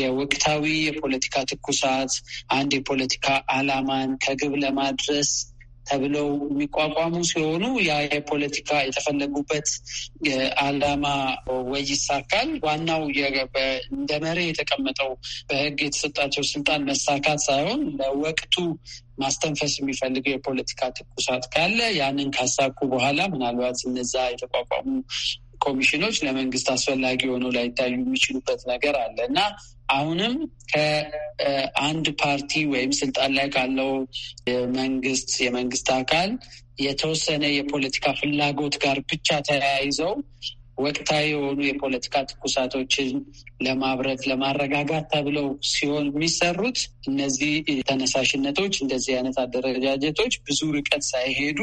የወቅታዊ የፖለቲካ ትኩሳት አንድ የፖለቲካ ዓላማን ከግብ ለማድረስ ተብለው የሚቋቋሙ ሲሆኑ ያ የፖለቲካ የተፈለጉበት አላማ ወይ ይሳካል። ዋናው እንደ መሪ የተቀመጠው በህግ የተሰጣቸው ስልጣን መሳካት ሳይሆን ለወቅቱ ማስተንፈስ የሚፈልገው የፖለቲካ ትኩሳት ካለ ያንን ካሳኩ በኋላ ምናልባት እነዛ የተቋቋሙ ኮሚሽኖች ለመንግስት አስፈላጊ ሆኖ ላይታዩ የሚችሉበት ነገር አለ እና አሁንም ከአንድ ፓርቲ ወይም ስልጣን ላይ ካለው መንግስት የመንግስት አካል የተወሰነ የፖለቲካ ፍላጎት ጋር ብቻ ተያይዘው ወቅታዊ የሆኑ የፖለቲካ ትኩሳቶችን ለማብረት ለማረጋጋት ተብለው ሲሆን የሚሰሩት እነዚህ ተነሳሽነቶች እንደዚህ አይነት አደረጃጀቶች ብዙ ርቀት ሳይሄዱ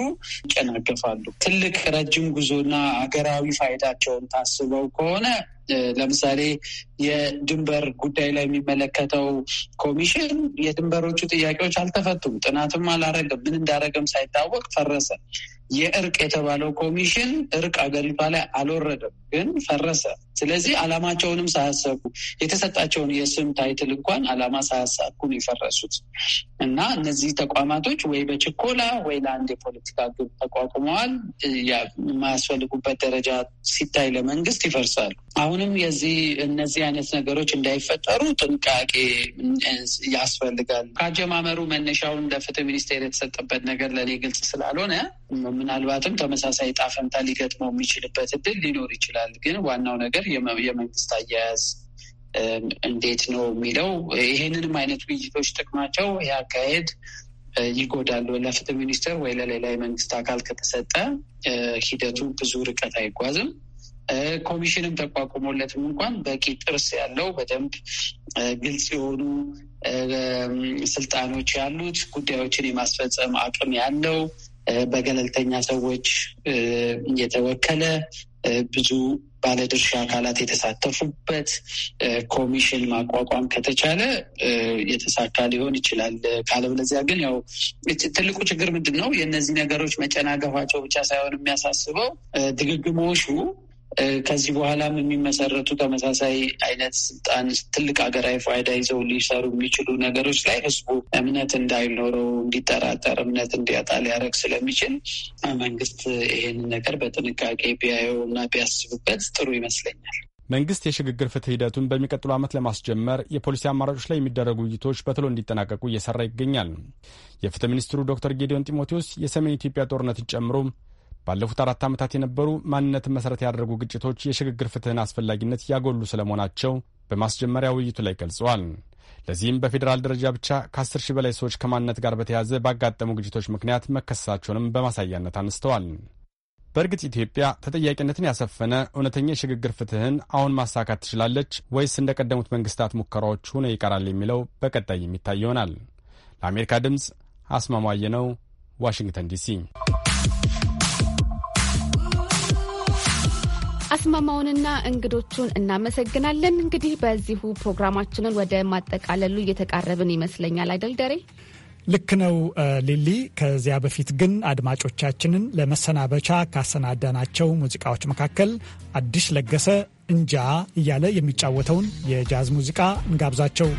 ይጨናገፋሉ። ትልቅ ረጅም ጉዞና ሀገራዊ ፋይዳቸውን ታስበው ከሆነ ለምሳሌ የድንበር ጉዳይ ላይ የሚመለከተው ኮሚሽን የድንበሮቹ ጥያቄዎች አልተፈቱም፣ ጥናትም አላረገም፣ ምን እንዳረገም ሳይታወቅ ፈረሰ። የእርቅ የተባለው ኮሚሽን እርቅ አገሪቷ ላይ አልወረደም፣ ግን ፈረሰ። ስለዚህ አላማቸውንም ሳያሰቡ የተሰጣቸውን የስም ታይትል እንኳን አላማ ሳያሳኩ ነው የፈረሱት እና እነዚህ ተቋማቶች ወይ በችኮላ ወይ ለአንድ የፖለቲካ ግብ ተቋቁመዋል። የማያስፈልጉበት ደረጃ ሲታይ ለመንግስት ይፈርሳሉ። አሁንም የዚህ እነዚህ አይነት ነገሮች እንዳይፈጠሩ ጥንቃቄ ያስፈልጋል። ከአጀማመሩ መነሻውን ለፍትህ ሚኒስቴር የተሰጠበት ነገር ለእኔ ግልጽ ስላልሆነ ምናልባትም ተመሳሳይ ጣፈንታ ሊገጥመው የሚችልበት እድል ሊኖር ይችላል። ግን ዋናው ነገር የመንግስት አያያዝ እንዴት ነው የሚለው ይሄንንም አይነት ውይይቶች ጥቅማቸው ይህ አካሄድ ይጎዳሉ ለፍትህ ሚኒስቴር ወይ ለሌላ የመንግስት አካል ከተሰጠ ሂደቱ ብዙ ርቀት አይጓዝም። ኮሚሽንም ተቋቁሞለትም እንኳን በቂ ጥርስ ያለው በደንብ ግልጽ የሆኑ ስልጣኖች ያሉት ጉዳዮችን የማስፈጸም አቅም ያለው በገለልተኛ ሰዎች የተወከለ ብዙ ባለድርሻ አካላት የተሳተፉበት ኮሚሽን ማቋቋም ከተቻለ የተሳካ ሊሆን ይችላል። ካለበለዚያ ግን ያው ትልቁ ችግር ምንድን ነው? የእነዚህ ነገሮች መጨናገፋቸው ብቻ ሳይሆን የሚያሳስበው ድግግሞሹ ከዚህ በኋላም የሚመሰረቱ ተመሳሳይ አይነት ስልጣን ትልቅ ሀገራዊ ፋይዳ ይዘው ሊሰሩ የሚችሉ ነገሮች ላይ ህዝቡ እምነት እንዳይኖረው እንዲጠራጠር፣ እምነት እንዲያጣ ሊያደርግ ስለሚችል መንግስት ይህን ነገር በጥንቃቄ ቢያየው እና ቢያስብበት ጥሩ ይመስለኛል። መንግስት የሽግግር ፍትህ ሂደቱን በሚቀጥሉ ዓመት ለማስጀመር የፖሊሲ አማራጮች ላይ የሚደረጉ ውይይቶች በቶሎ እንዲጠናቀቁ እየሰራ ይገኛል። የፍትህ ሚኒስትሩ ዶክተር ጌዲዮን ጢሞቴዎስ የሰሜን ኢትዮጵያ ጦርነትን ጨምሮ ባለፉት አራት ዓመታት የነበሩ ማንነትን መሠረት ያደረጉ ግጭቶች የሽግግር ፍትሕን አስፈላጊነት ያጎሉ ስለመሆናቸው በማስጀመሪያ ውይይቱ ላይ ገልጸዋል። ለዚህም በፌዴራል ደረጃ ብቻ ከ10 ሺህ በላይ ሰዎች ከማንነት ጋር በተያያዘ ባጋጠሙ ግጭቶች ምክንያት መከሰሳቸውንም በማሳያነት አንስተዋል። በእርግጥ ኢትዮጵያ ተጠያቂነትን ያሰፈነ እውነተኛ የሽግግር ፍትሕን አሁን ማሳካት ትችላለች ወይስ እንደ ቀደሙት መንግስታት ሙከራዎች ሆኖ ይቀራል የሚለው በቀጣይ የሚታይ ይሆናል። ለአሜሪካ ድምፅ አስማማየ ነው፣ ዋሽንግተን ዲሲ። አስማማውንና እንግዶቹን እናመሰግናለን። እንግዲህ በዚሁ ፕሮግራማችንን ወደ ማጠቃለሉ እየተቃረብን ይመስለኛል አይደል ደሬ? ልክ ነው ሊሊ። ከዚያ በፊት ግን አድማጮቻችንን ለመሰናበቻ ካሰናዳናቸው ሙዚቃዎች መካከል አዲስ ለገሰ እንጃ እያለ የሚጫወተውን የጃዝ ሙዚቃ እንጋብዛቸው።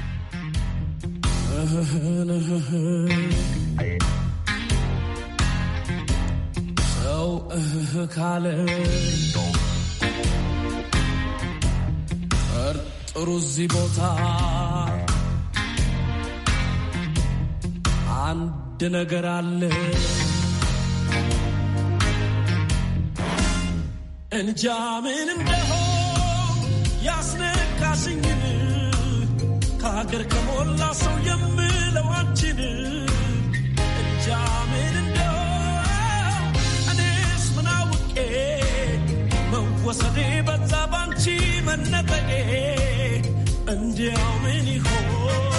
ሰው ካለ ጥሩ እዚህ ቦታ አንድ ነገር አለ እንጃ ምን እንደሆን ያስነካሽኝን ከሀገር ከሞላ ሰው የምለዋችን እንጃ ምን መወሰዴ በዛ ባንቺ መነጠቄ እንዲያው ምን ይሆን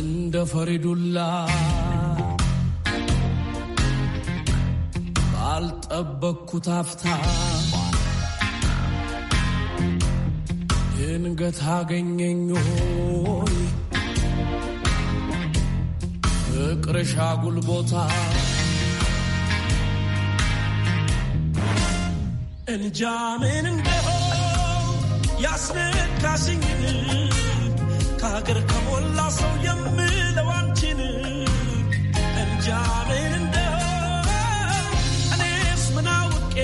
እንደ ፈሪዱላ ባልጠበቅኩት አፍታ ድንገት አገኘኝ ሆይ ፍቅር ሻጉል ቦታ እንጃ ምን እንደሆን ከሀገር ከሞላ ሰው የምለው አንቺን እንጃ ምን እንደሆን እኔስ ምናውቄ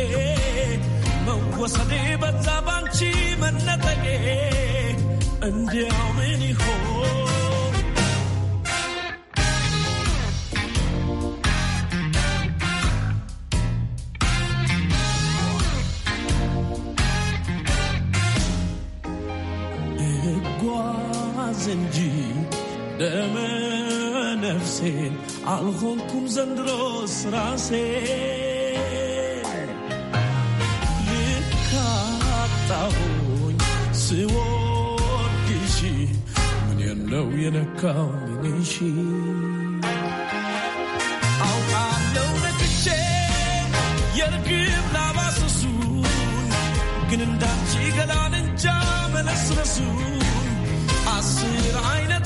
መወሰኔ በዛ ባንቺ መነጠቄ እንዲያው ምን ይሆን ነፍሴ አልሆንኩም ዘንድሮስ ራሴ ልካጣሁኝ ስወድሽ ምን የለው የነካው ምንሽ አውቃለው ነክቼ የርግብ ላባሰሱን ግን እንዳንቺ ገላንንጃ እንጃ መለስለሱን አስር አይነት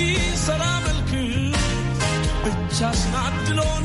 የሚሰራ መልክ ብቻ ስናድሎን